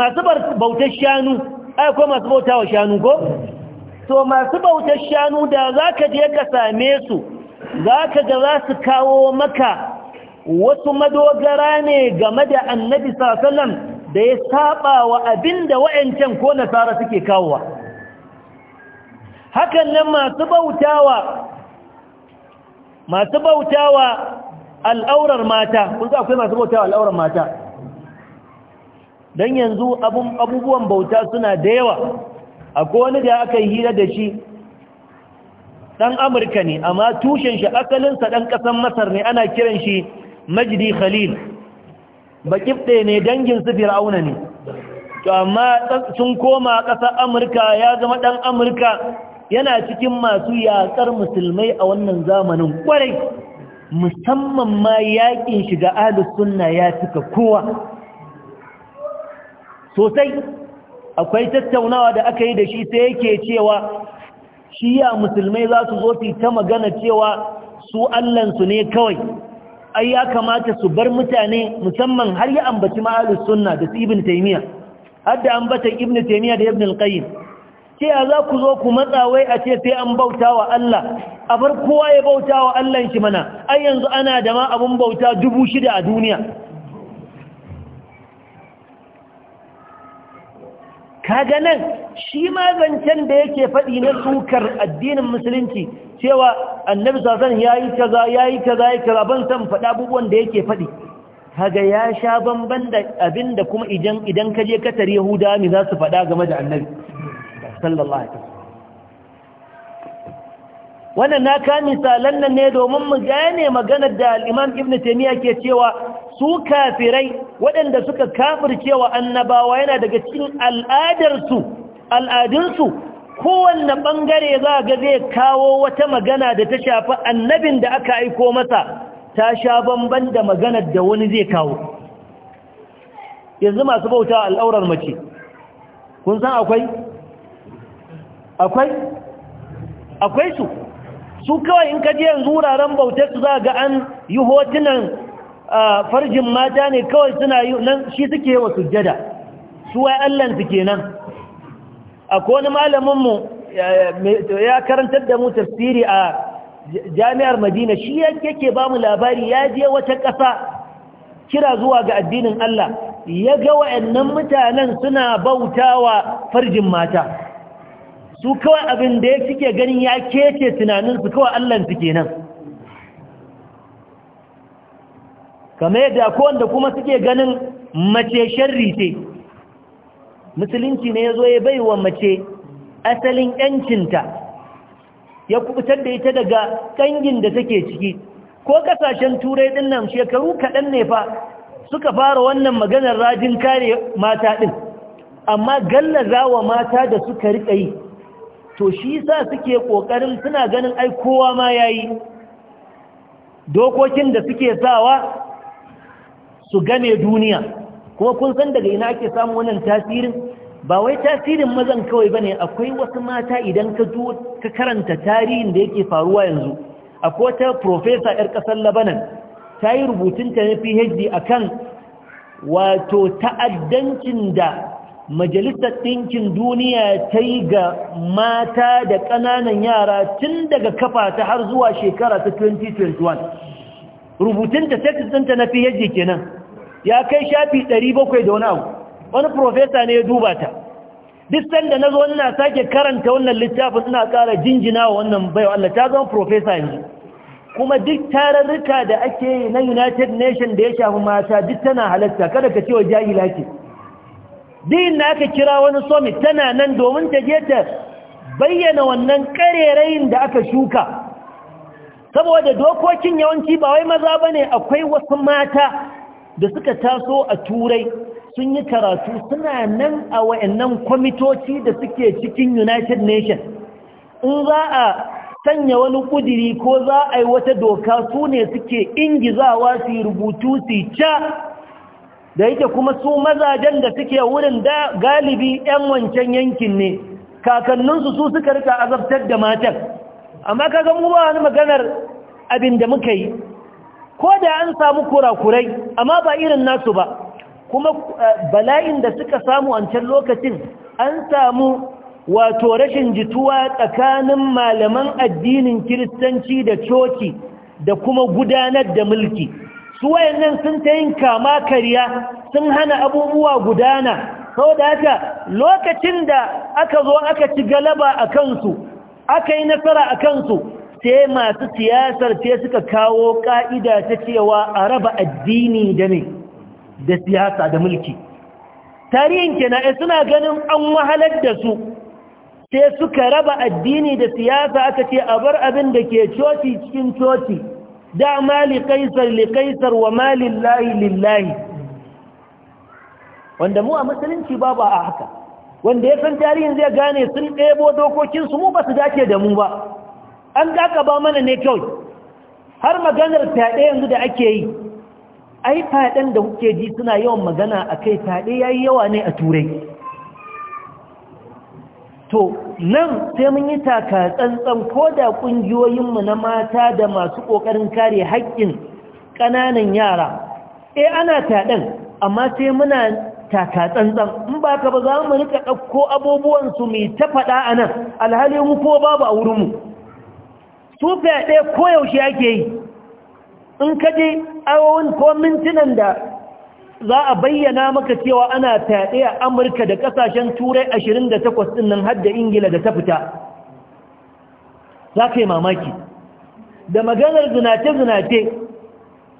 A: masu bautar shanu ai ko masu bauta wa shanu ko to masu bautar shanu da za ka je ka same su za ka ga za su kawo maka wasu madogara ne game da annabi sallallahu alaihi wasallam da ya saba wa abinda wa'ancan ko nasara suke kawowa hakan nan masu bautawa masu bautawa al'aurar mata kun ga akwai masu bautawa al'aurar mata dan yanzu abubuwan bauta suna da yawa akwai wani da aka yi hira da shi dan amurka ne amma tushen shi asalinsa dan kasan masar ne ana kiran shi majdi khalil bakifte ne dangin su fir'auna ne to amma sun koma kasar amurka ya zama dan amurka yana cikin masu yaƙar musulmai a wannan zamanin kwarai musamman ma yaƙin shiga ahlus sunna ya cika kowa sosai akwai tattaunawa da aka yi da shi sai yake cewa shiya musulmai za su zo su ta magana cewa su allansu ne kawai ai ya kamata su bar mutane musamman har ya ambaci ma'alus sunna da su ibn taymiya har da ambatan ibn taymiya da ibn al ce ya za ku zo ku matsa wai a ce sai an bauta wa Allah a bar kowa ya bauta wa Allah shi mana ai yanzu ana da ma abin bauta dubu shida a duniya kaga nan shi ma da yake faɗi na sukar addinin musulunci cewa annabi sasan ya yi kaza ya kaza ya kaza ban san faɗa abubuwan da yake faɗi kaga ya sha banban da abinda kuma idan kaje katar yahuda ne za su faɗa game da annabi sallallahu alaihi wannan na ka misalan nan ne domin mu gane maganar da alimam imam Ibn ke cewa su kafirai waɗanda suka kafircewa annabawa yana daga cikin al'adarsu al'adunsu kowanne ɓangare za ga zai kawo wata magana da ta shafi annabin da aka aiko masa ta sha bamban da maganar da wani zai kawo yanzu masu bauta al'aurar mace kun san akwai akwai akwai su su kawai in kaji yanzu wuraren bautar su za ga an yi hotunan farjin mata ne kawai suna yi nan shi suke yi wa sujjada su wai allansu nan? akwai wani malaminmu ya karantar da mu tafsiri a jami'ar madina shi yake ba mu labari ya je wata ƙasa kira zuwa ga addinin Allah ya ga wa'annan mutanen suna bautawa farjin mata su kawai abin da ya suke ganin ya kece tunaninsu kawai Allah su kenan kamar yadda ko wanda kuma suke ganin mace sharri ce musulunci ne ya zo ya bai wa mace asalin yancinta ya kubutar da ita daga ƙangin da take ciki ko kasashen turai ɗin nan shekaru kaɗan ne fa suka fara wannan maganar rajin kare mata ɗin amma gallaza wa mata da suka riƙa yi to shi sa suke kokarin suna ganin ai kowa ma yayi dokokin da suke sawa su game duniya kuma kun san daga ina ake samu wannan tasirin ba wai tasirin mazan kawai bane akwai wasu mata idan ka karanta tarihin da yake faruwa yanzu akwai wata profesa 'yar ƙasar Lebanon tayi rubutun ta na phd akan wato ta'addancin da majalisar ɗinkin duniya ta yi ga mata da ƙananan yara tun daga kafa ta har zuwa shekara ta 2021 Rubutun ta ɗinta na fiye kenan ya kai shafi 700 da wani abu wani profesa ne ya duba ta duk sanda na zo wannan sake karanta wannan littafin ina ƙara jinjina wa wannan bai Allah ta zama profesa yanzu kuma duk tararruka da ake na united nation da ya shafi mata duk tana halatta kada ka ce wa jahila ke din da aka kira wani somi tana nan domin ta je ta bayyana wannan karerayin da aka shuka saboda dokokin yawanci ba wai maza bane akwai wasu mata da suka taso a turai sun yi karatu suna nan a wayannan kwamitoci da suke cikin united nations in za a sanya wani kudiri ko za a yi wata doka su ne suke ingizawa su rubutu su ca da yake kuma su mazajen da suke wurin da galibi 'yan wancan yankin ne kakanninsu su suka rika azabtar da matan amma kaga mu ba wani maganar abin da muka yi ko da an samu kurakurai amma ba irin nasu ba kuma eh, bala'in da suka samu can lokacin an samu wato rashin jituwa tsakanin malaman addinin kiristanci da coci da kuma gudanar da mulki su wayannan sun ta yin kama kariya sun hana abubuwa gudana saboda haka lokacin da aka zo aka ci galaba a kansu aka yi nasara a kansu sai masu siyasar ce suka kawo ka'ida ta cewa a raba addini da ne da siyasa da mulki tarihin kenan eh, suna ganin an wahalar da su sai suka raba addini da siyasa aka ce a bar abin da ke coci cikin coci da ma li kaisar li kaisar wa ma lillahi lillahi wanda mu a musulunci babu a haka wanda ya san tarihin zai gane sun ɗebo dokokinsu mu ba su dace da mu ba an daka ba mana ne kyau har maganar fyaɗe yanzu da ake yi ai fyaɗen da kuke ji suna yawan magana a kai fyaɗe ya yi yawa ne a turai to nan sai mun yi taka tsantsan ko da ƙungiyoyinmu na mata da masu ƙoƙarin kare haƙƙin ƙananan yara eh ana taɗin amma sai muna taka tsantsan in ba ka ba za mu rika ɗauko abubuwansu mai ta faɗa a nan alhali mu ko babu a wurinmu su fyaɗe koyaushe ake yi in ka je awon ko mintunan da za a bayyana maka cewa ana fyaɗe a amurka da ƙasashen turai 28 ɗin nan har da ingila da ta fita za ka yi mamaki da maganar zinace-zinace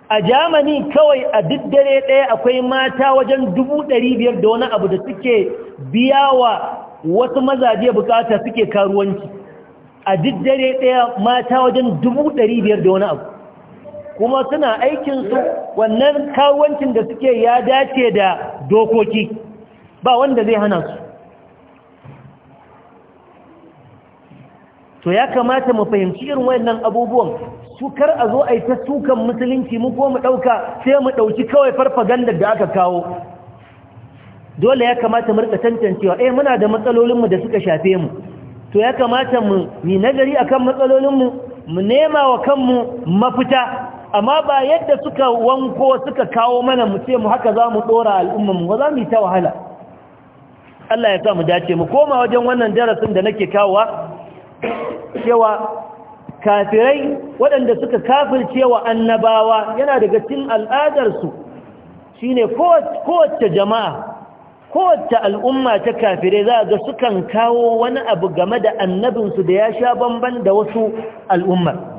A: a jamani kawai a duk dare ɗaya akwai mata wajen 500 da wani abu da suke biya wa wasu mazaje bukata suke karuwanci a duk dare ɗaya mata wajen 500 da wani abu kuma suna aikin su wannan kawancin da suke ya dace da dokoki ba wanda zai hana su to ya kamata mu fahimci irin wayannan abubuwan su kar a zo a yi ta sukan musulunci mu ko mu ɗauka sai mu ɗauki kawai farfaganda da aka kawo dole ya kamata mu rika tantancewa eh muna da matsalolinmu da suka shafe mu to ya kamata mu yi nagari akan matsalolinmu mu nema wa kanmu mafita amma ba yadda suka wanko suka kawo mana mu ce mu haka za mu ɗora al'ummanmu ba za mu yi ta wahala Allah ya sa mu dace mu koma wajen wannan darasin da nake kawowa cewa kafirai waɗanda suka kafircewa annabawa yana daga cin al'adarsu shine kowace jama'a kowace al'umma ta kafirai za ga sukan kawo wani abu game da annabinsu da ya sha bamban da wasu al'ummar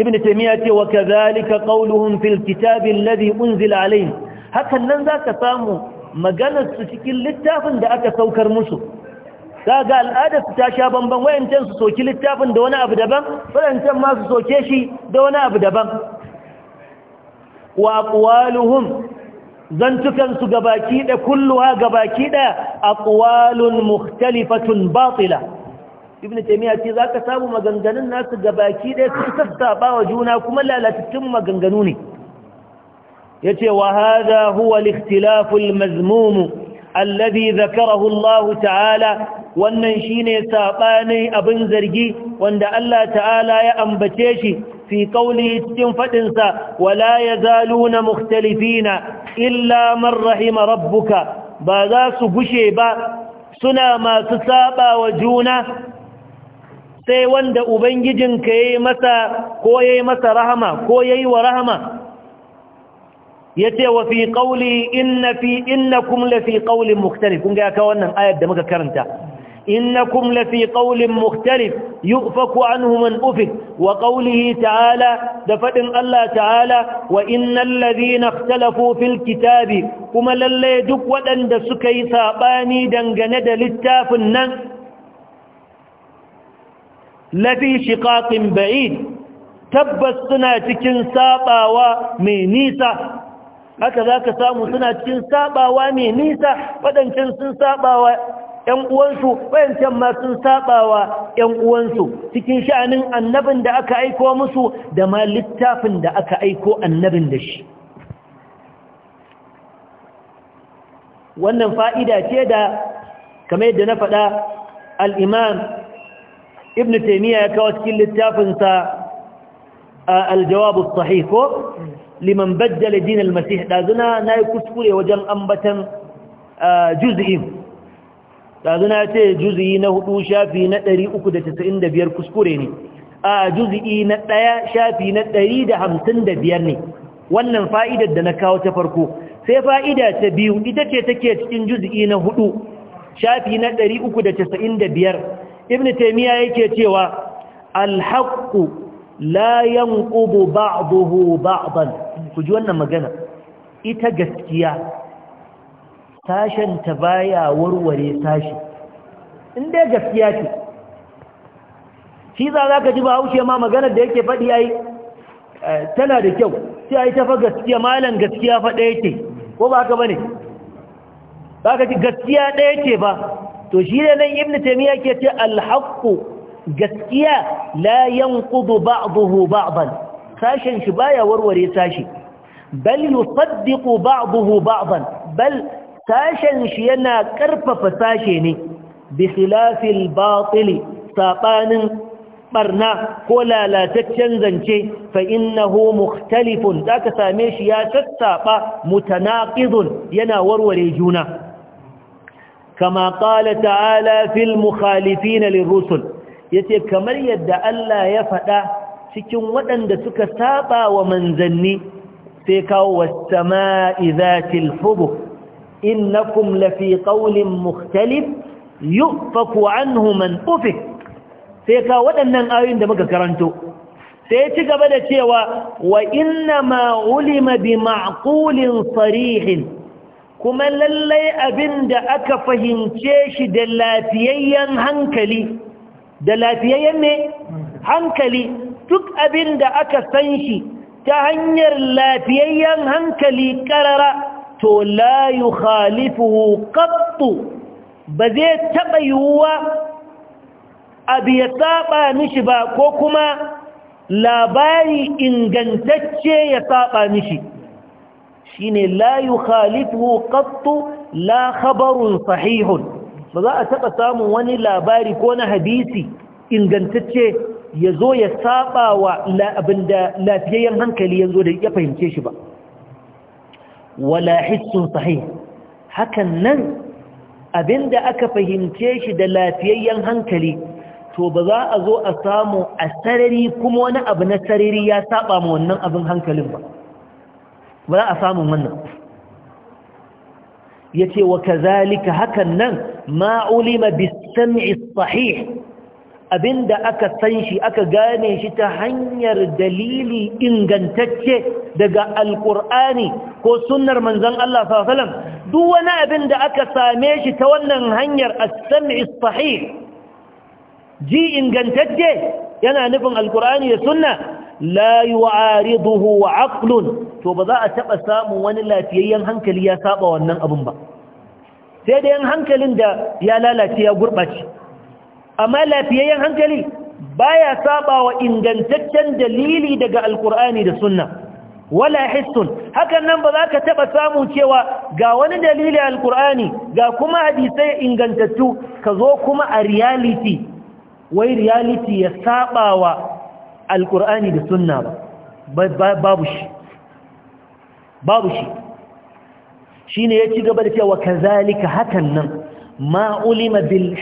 A: ibn taymiya ce wa kadhalika qawluhum fil kitabi alladhi unzila alayhim hakan nan zaka samu maganar su cikin littafin da aka saukar musu kaga al'adar su ta sha bamban wayancan su soki littafin da wani abu daban wayancan ma su soke shi da wani abu daban wa aqwaluhum zantukan su gabaki da kulluha gabaki da aqwalun mukhtalifatun batila ibn taymiya ce zaka samu maganganun nasu gabaki ɗaya sun sassaba wa juna kuma lalatattun maganganu ne yace wa hadha huwa al-ikhtilaf al-mazmum alladhi dhakarahu Allah ta'ala wannan shine saɓanin abin zargi wanda Allah ta'ala ya ambace shi fi qawli cikin fadin sa wala yazaluna mukhtalifina illa man rahima rabbuka ba za su gushe ba suna masu saba wa juna sai wanda ubangijinka yayi masa ko yayi masa rahama ko yayi wa rahama yace wa fi ƙauli inna fi innakum fi ƙaulin mukhtalif kun ga ka wannan da muka karanta inna la fi qawlin mukhtalif ufik wa ƙaulihi ta'ala da faɗin Allah ta'ala wa innan ladhina ikhtalafu fil kitabi kuma lallai duk waɗanda suka yi saɓani dangane da littafin nan lafi shiqaqin ba'id tabbas suna cikin sabawa mai nisa haka zaka samu suna cikin sabawa mai nisa fadancin sun sabawa ‘yan uwansu wayancan ma sun sabawa ‘yan uwansu cikin sha'anin annabin da aka aiko musu da ma littafin da aka aiko annabin da shi wannan fa'ida ce da kamar yadda na faɗa al'imam ibn taymiya ya kawo cikin littafinsa a aljawabu sahih ko liman baddala din almasih dazuna nayi kuskure wajen ambatan juz'i dazuna yace juz'i na hudu shafi na 395 kuskure ne a juz'i na daya shafi na 155 ne wannan fa'idar da na kawo ta farko sai fa'ida ta biyu ita ce take cikin juz'i na hudu shafi na 395 ibn taymiya yake cewa alhaqqu la yanqubu ba'dahu ba'dan ku ji wannan magana ita gaskiya sashen ta baya warware sashi inda gaskiya ce shi za za ka ji ba haushe ma maganar da yake faɗi ai eh, tana da kyau sai ai tafa gaskiya malan gaskiya faɗa yake ko ba haka bane za ka ji gaskiya ɗaya ce ba to shi ne nan ibn taymiya ke ce al-haqqu gaskiya la yanqudu ba'dahu ba'dan sashen shi baya warware sashi bal yusaddiqu ba'dahu ba'dan bal sashen shi yana karfafa sashe ne bi khilafil batil sabanin barna ko lalataccen zance fa innahu mukhtalifun zaka same shi ya tattaba mutanaqidun yana warware juna kama ƙala ta'ala fil mukhalifina lirrusul yace kamar yadda Allah ya faɗa cikin waɗanda suka saba wa manzanni sai kawo was-sama'i zatil hubub innakum lafi qawlin mukhtalif yufaku anhu man ufik sai kawo waɗannan ayoyin da muka karanto sai ci gaba da cewa wa inna ma ulima bi ma'qulin sarihin kuma lallai abin da aka fahimce shi da lafiyayyen hankali da lafiyayyen ne hankali duk abin da aka san shi ta hanyar lafiyayyen hankali karara to la yi khalifuhu kattu ba zai taɓa yiwuwa abu ya saɓa mishi ba ko kuma labari ingantacce ya saɓa mishi shine la khalifu kattu la khabarun sahihun ba za a taɓa samun wani labari ko na hadisi ingantacce ya zo ya saba wa abinda lafiyayyen hankali ya zo da ya fahimce shi ba wala hissun sahih hakan nan abinda aka fahimce shi da lafiyayyen hankali to ba za a zo a samu a sarari kuma wani abu na sarari ya saba ma wannan abin hankalin ba ba za a samun wannan ya ce wa kazalika hakan nan ma'ulima bisami'i sahih abinda aka san shi aka gane shi ta hanyar dalili ingantacce daga alkur'ani ko sunnar manzon Allah sallallahu duk wani abin da aka same shi ta wannan hanyar as-sam'i sahih ji ingantacce yana nufin alkur'ani da sunna la yu'ariduhu aqlun to baza a taba samun wani lafiyayyen hankali ya saba wannan abun ba sai da yan hankalin da ya lalace ya gurbace amma lafiyayyen hankali baya saɓawa ingantaccen dalili daga alkur'ani da sunna wala hissun hakan nan ba za ka taɓa samu cewa ga wani dalili alkur'ani ga kuma hadisai ingantattu ka zo kuma a riyaliti? wai riyaliti ya saba wa alkur'ani da sunna ba babu shi babu shi shi ne ya ci gaba da cewa kazalika hakan nan ma'ulima ulima bil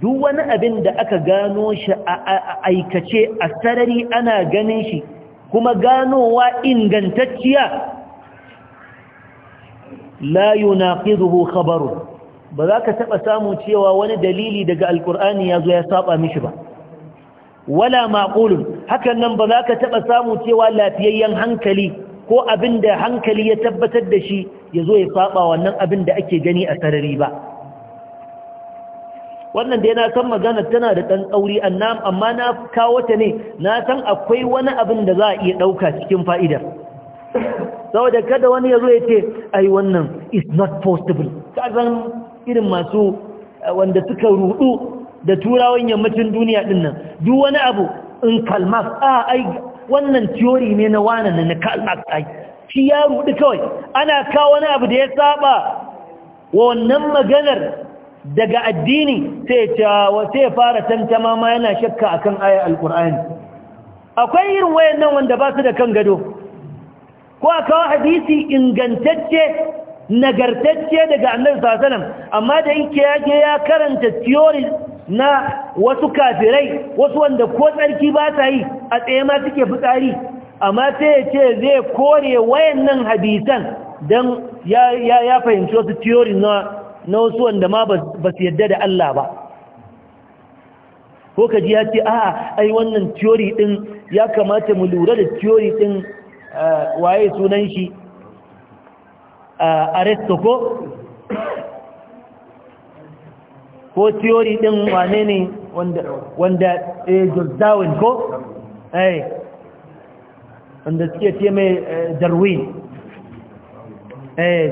A: duk wani abin da aka gano shi a aikace a sarari ana ganin shi kuma ganowa ingantacciya la yunaqiduhu khabaru ba za ka taɓa samu cewa wani dalili daga alkur'ani ya zo ya saba mishi ba wala maqulun hakan nan ba za ka taɓa samu cewa lafiyayyen hankali ko abin da hankali ya tabbatar da shi ya zo ya faɓa wannan abin da ake gani a sarari ba wannan da yana san magana tana da ɗan tsauri amma na kawo ta ne na san akwai wani abin da za a iya ɗauka cikin fa'ida saboda kada wani ya zo ya ce ai wannan is not possible ka irin masu eh, wanda suka rudu da turawan yammacin duniya din nan duk wani abu in kalmas a ai wannan theory ne na wannan na kalmas ai shi ya rudi kawai ana kawo wani abu da ya saba wa wannan maganar daga addini sai ya fara tantama ma yana shakka akan ayat alqur'ani akwai irin wayannan wanda ba su da kan gado ko akawo hadisi ingantacce nagartacce daga annan wasallam amma da yake yake ya karanta theory na wasu kafirai wasu wanda ko tsarki ba ta yi a tsaye ma suke fitsari amma sai ya ce zai kore wayannan hadisan don ya fahimci wasu tiyori na wasu wanda ma ba su yadda da Allah ba ko kaji ya ce a ai wannan tiyori din ya kamata mu lura da tiyori din eh, waye sunan shi eh, a ko ko tiyori ɗin wane ne wanda wanda eh Darwin ko eh wanda suke ce mai eh, Darwin eh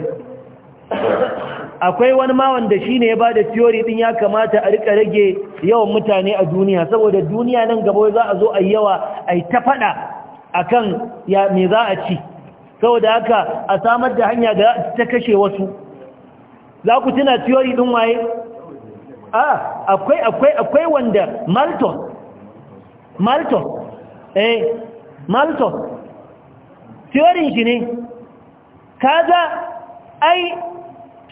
A: akwai wani ma wanda shi ne ya ba da tiyori din ya kamata a rika rage yawan mutane a duniya saboda duniya nan gaba za a zo a yawa a yi ta fada akan ya me za a ci saboda haka a samar da hanya da ta kashe wasu za ku tuna tiyori ɗin waye a ah, akwai akwai akwai wanda malton malton eh malton teorin shi ne kaga ai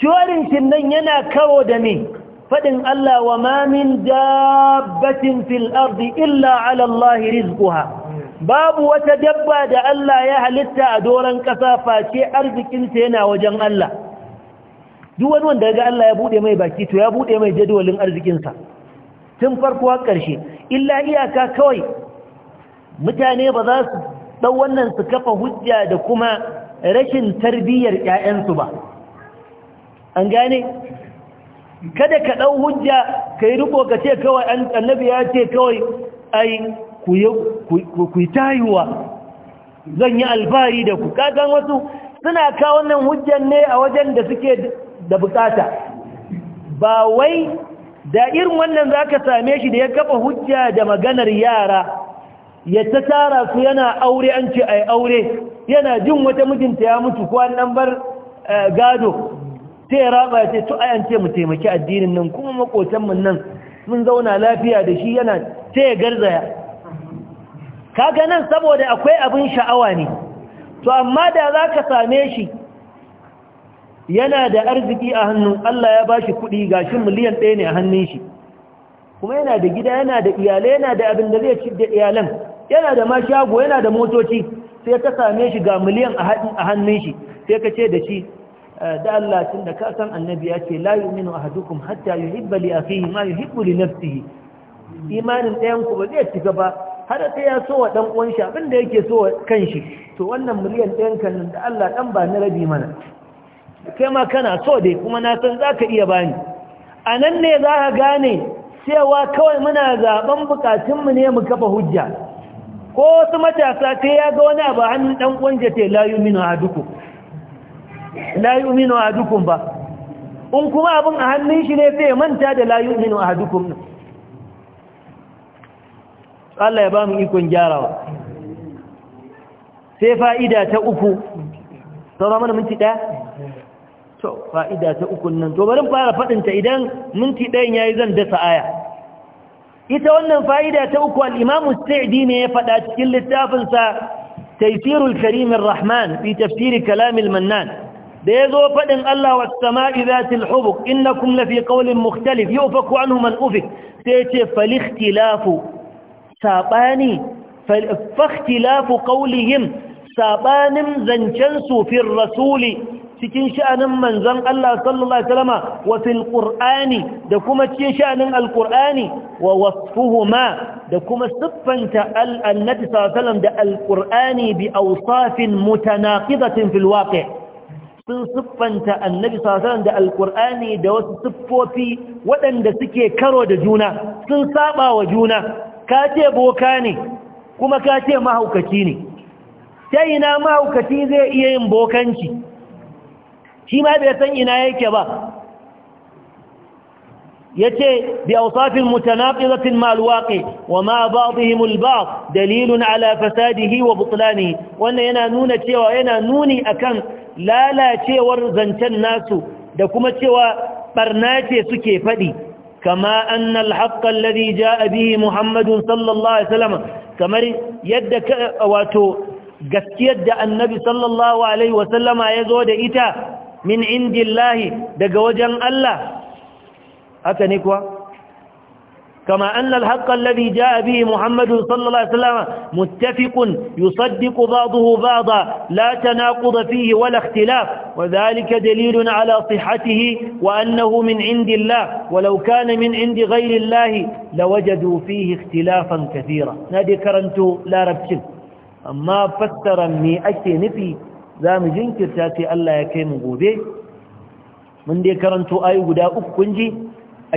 A: teorin shi nan yana kawo da ne fadin Allah wa ma min dabbatin fil ardi illa ala Allah rizquha babu wata dabba da Allah ya halitta a doron ƙasa face arzikinta yana wajen Allah duk wani wanda ya ga Allah ya buɗe mai baki to ya bude mai jadawalin arzikinsa tun farko har ƙarshe illa iyaka kawai mutane ba za su ɗau wannan su kafa hujja da kuma rashin tarbiyyar ƴaƴansu ba an gane kada ka ɗau hujja kai yi riko ka ce kawai annabi ya ce kawai ai ku yi tayuwa zan yi alfahari da ku kakan wasu suna kawo wannan hujjan ne a wajen da suke da bukata ba wai da irin wannan za ka same shi da ya kafa hujja da maganar yara ya ta tara su yana aure an ce a aure yana jin wata mijinta ya mutu ko an bar eh, gado sai ya raba ya ce to ayan ce mu taimaki addinin nan kuma makotanmu nan mun zauna lafiya da shi yana sai ya garzaya kaga nan saboda akwai abin sha'awa ne to amma da za ka same shi yana da arziki a hannun Allah ya bashi kuɗi shi miliyan ɗaya ne a hannun shi kuma yana da gida yana da iyalai yana da abin da zai ci da iyalan yana da ma shago yana da motoci sai ka same shi ga miliyan a hannun shi sai ka ce da shi eh, da Allah tun da ka san annabi ya ce la yu'minu ahadukum hatta yuhibba li akhihi ma yuhibbu li nafsihi imanin ɗayan ku ba zai cika ba har sai ya so wa dan uwan shi abin da yake so wa kanshi to wannan miliyan ɗayan kan da Allah dan ba na rabi mana kai ma kana so dai kuma na san za ka iya bani a nan ne za ka gane cewa kawai muna zaben bukatunmu ne mu kafa hujja ko wasu matasa kai ya ga wani abu hannun ɗan ƙwanja te layu mino a dukun ba in kuma abin a hannun shi ne sai manta da layu mino a dukun Allah ya ba mu ikon gyarawa sai fa'ida ta uku sauran mana minti ɗaya to fa'ida ta ukun nan to barin fara faɗinta idan minti ɗayan ya yi zan dasa aya ita wannan fa'ida ta uku al'imamu sa'idi ne ya faɗa cikin littafinsa taifirul karimin rahman fi tafsiri kalamil mannan da ya zo faɗin Allah wa sama'i zatil hubuk innakum lafi qaulin mukhtalif yufaku anhu man ufik sai ce falikhtilafu sabani fakhtilafu qawlihim sabanin zancensu fil rasuli cikin sha'anin manzon Allah sallallahu alaihi wasallam wa fil qur'ani da kuma cikin sha'anin alqur'ani wa wasfuhuma da kuma siffanta al-annabi sallallahu alaihi wasallam da alqur'ani bi awsafin mutanaqidatin fil waqi' sun siffanta annabi sallallahu alaihi wasallam da alqur'ani da wasu siffofi waɗanda suke karo da juna sun saba wa juna ka ce boka ne kuma ka ce mahaukaci ne ta ina mahaukaci zai iya yin bokanci shi ma bai san ina yake ba ya ce bi autafin mutanaƙizatin maluwaƙi wa ma ba su yi mulba dalilun alafasadihi wa butulani wannan yana nuna cewa yana nuni akan lalacewar zancen nasu da kuma cewa barnace suke faɗi kama annal haƙƙar lari ja abi muhammadun sallallahu ala'isalama kamar yadda wato gaskiyar da annabi sallallahu ala'isalama ya zo da ita min indillahi daga wajen Allah haka ne kuwa kama annal haqqa alladhi jaa bihi muhammadun sallallahu alaihi wasallam muttafiqun yusaddiqu ba'dahu ba'da la tanaqud fihi wala ikhtilaf wa dhalika dalilun ala sihhatihi wa annahu min indillah wa law kana min indi ghayri allahi lawajadu fihi ikhtilafan katira nadi karantu la rabtin amma fassara mi ake nufi za mu jinkirta sai Allah ya kai mu gobe mun dai karanto ayu guda uku kun ji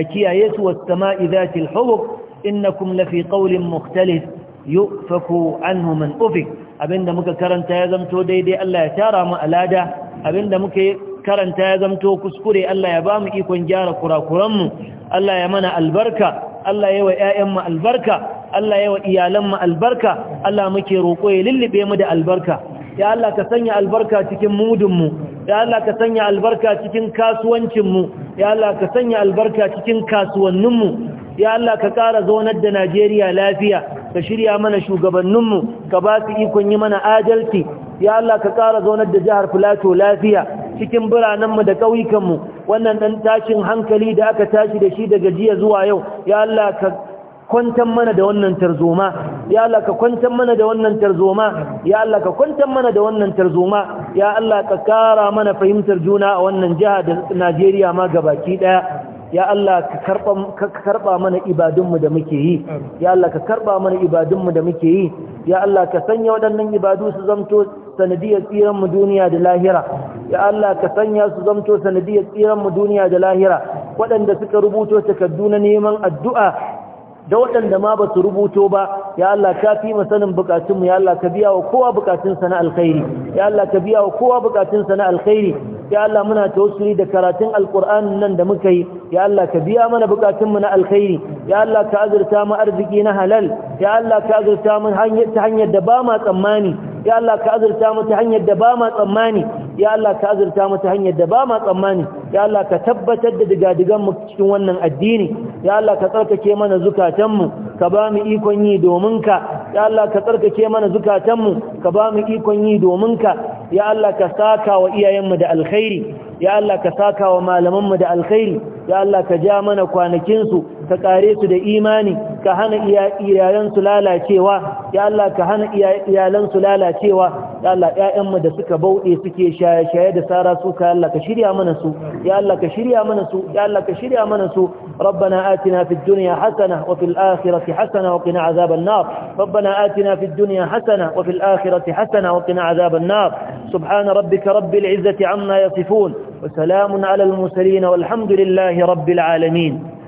A: a kiyaye su was sama'i zatil hubub innakum lafi qawlin mukhtalif yufaku anhu man ufik abinda muka karanta ya zamto daidai Allah ya tara mu alada abinda muka karanta ya zamto kuskure Allah ya bamu ikon gyara kurakuran mu Allah ya mana albarka Allah ya wa ƴaƴan mu albarka Allah ya wa iyalan mu albarka Allah muke roƙo ya lulluɓe mu da albarka ya Allah ka sanya albarka cikin mudunmu ya Allah ka sanya albarka cikin kasuwancinmu ya Allah ka sanya albarka cikin kasuwanninmu ya Allah ka ƙara zaunar da Najeriya lafiya ka shirya mana shugabanninmu ka ba su ikon yi mana adalci ya Allah ka ƙara zaunar da jihar Filato lafiya cikin biranenmu da ƙauyukanmu wannan ɗan tashin hankali da aka tashi da shi daga jiya zuwa yau ya Allah ka kwantar mana da wannan tarzoma ya Allah ka kwantar mana da wannan tarzoma ya Allah ka kwantar mana da wannan tarzoma ya Allah ka kara mana fahimtar juna a wannan jiha da Najeriya ma gabaki daya ya Allah ka karba mana ibadunmu da muke yi ya Allah ka karba mana ibadunmu da muke yi ya Allah ka sanya waɗannan ibadu su zamto sanadiyar tsiranmu duniya da lahira ya Allah ka sanya su zamto sanadiyar tsiranmu duniya da lahira waɗanda suka rubuto takardu na neman addu'a da waɗanda ma ba su rubuto ba ya Allah ka fi mu sanin bukatunmu ya Allah ka biya wa kowa bukatunsa na alkhairi ya Allah ka biya wa kowa bukatunsa na alkhairi ya Allah muna tawassuli da karatun alqur'anin nan da muka yi ya Allah ka biya mana bukatunmu na alkhairi ya Allah ka azurta mu arziki na halal ya Allah ka azurta mu ta hanyar da ba ma tsammani ya Allah ka azurta mu ta hanyar da ba ma tsammani ya Allah ka azurta mu ta hanyar da ba ma tsammani ya Allah ka tabbatar da digadigan mu cikin wannan addini ya Allah ka tsarkake mana zukatan mu ka ba mu ikon yi domin ka ya Allah ka tsarkake mana zukatanmu. ka ba mu ikon yi domin ka ya Allah ka saka wa iyayenmu da alkhairi ya Allah ka saka wa malaman mu da alkhairi ya Allah ka ja mana kwanakin su ka kare su da imani ka hana iyayen su lalacewa ya Allah ka hana iyalan su lalacewa ya Allah da suka bauɗe suke shaye-shaye da sara su ka Allah ka shirya mana su يا الله كشريا منسو يا الله كشريا منسو ربنا آتنا في الدنيا حسنة وفي الآخرة حسنة وقنا عذاب النار ربنا آتنا في الدنيا حسنة وفي الآخرة حسنة وقنا عذاب النار سبحان ربك رب العزة عما يصفون وسلام على المرسلين والحمد لله رب العالمين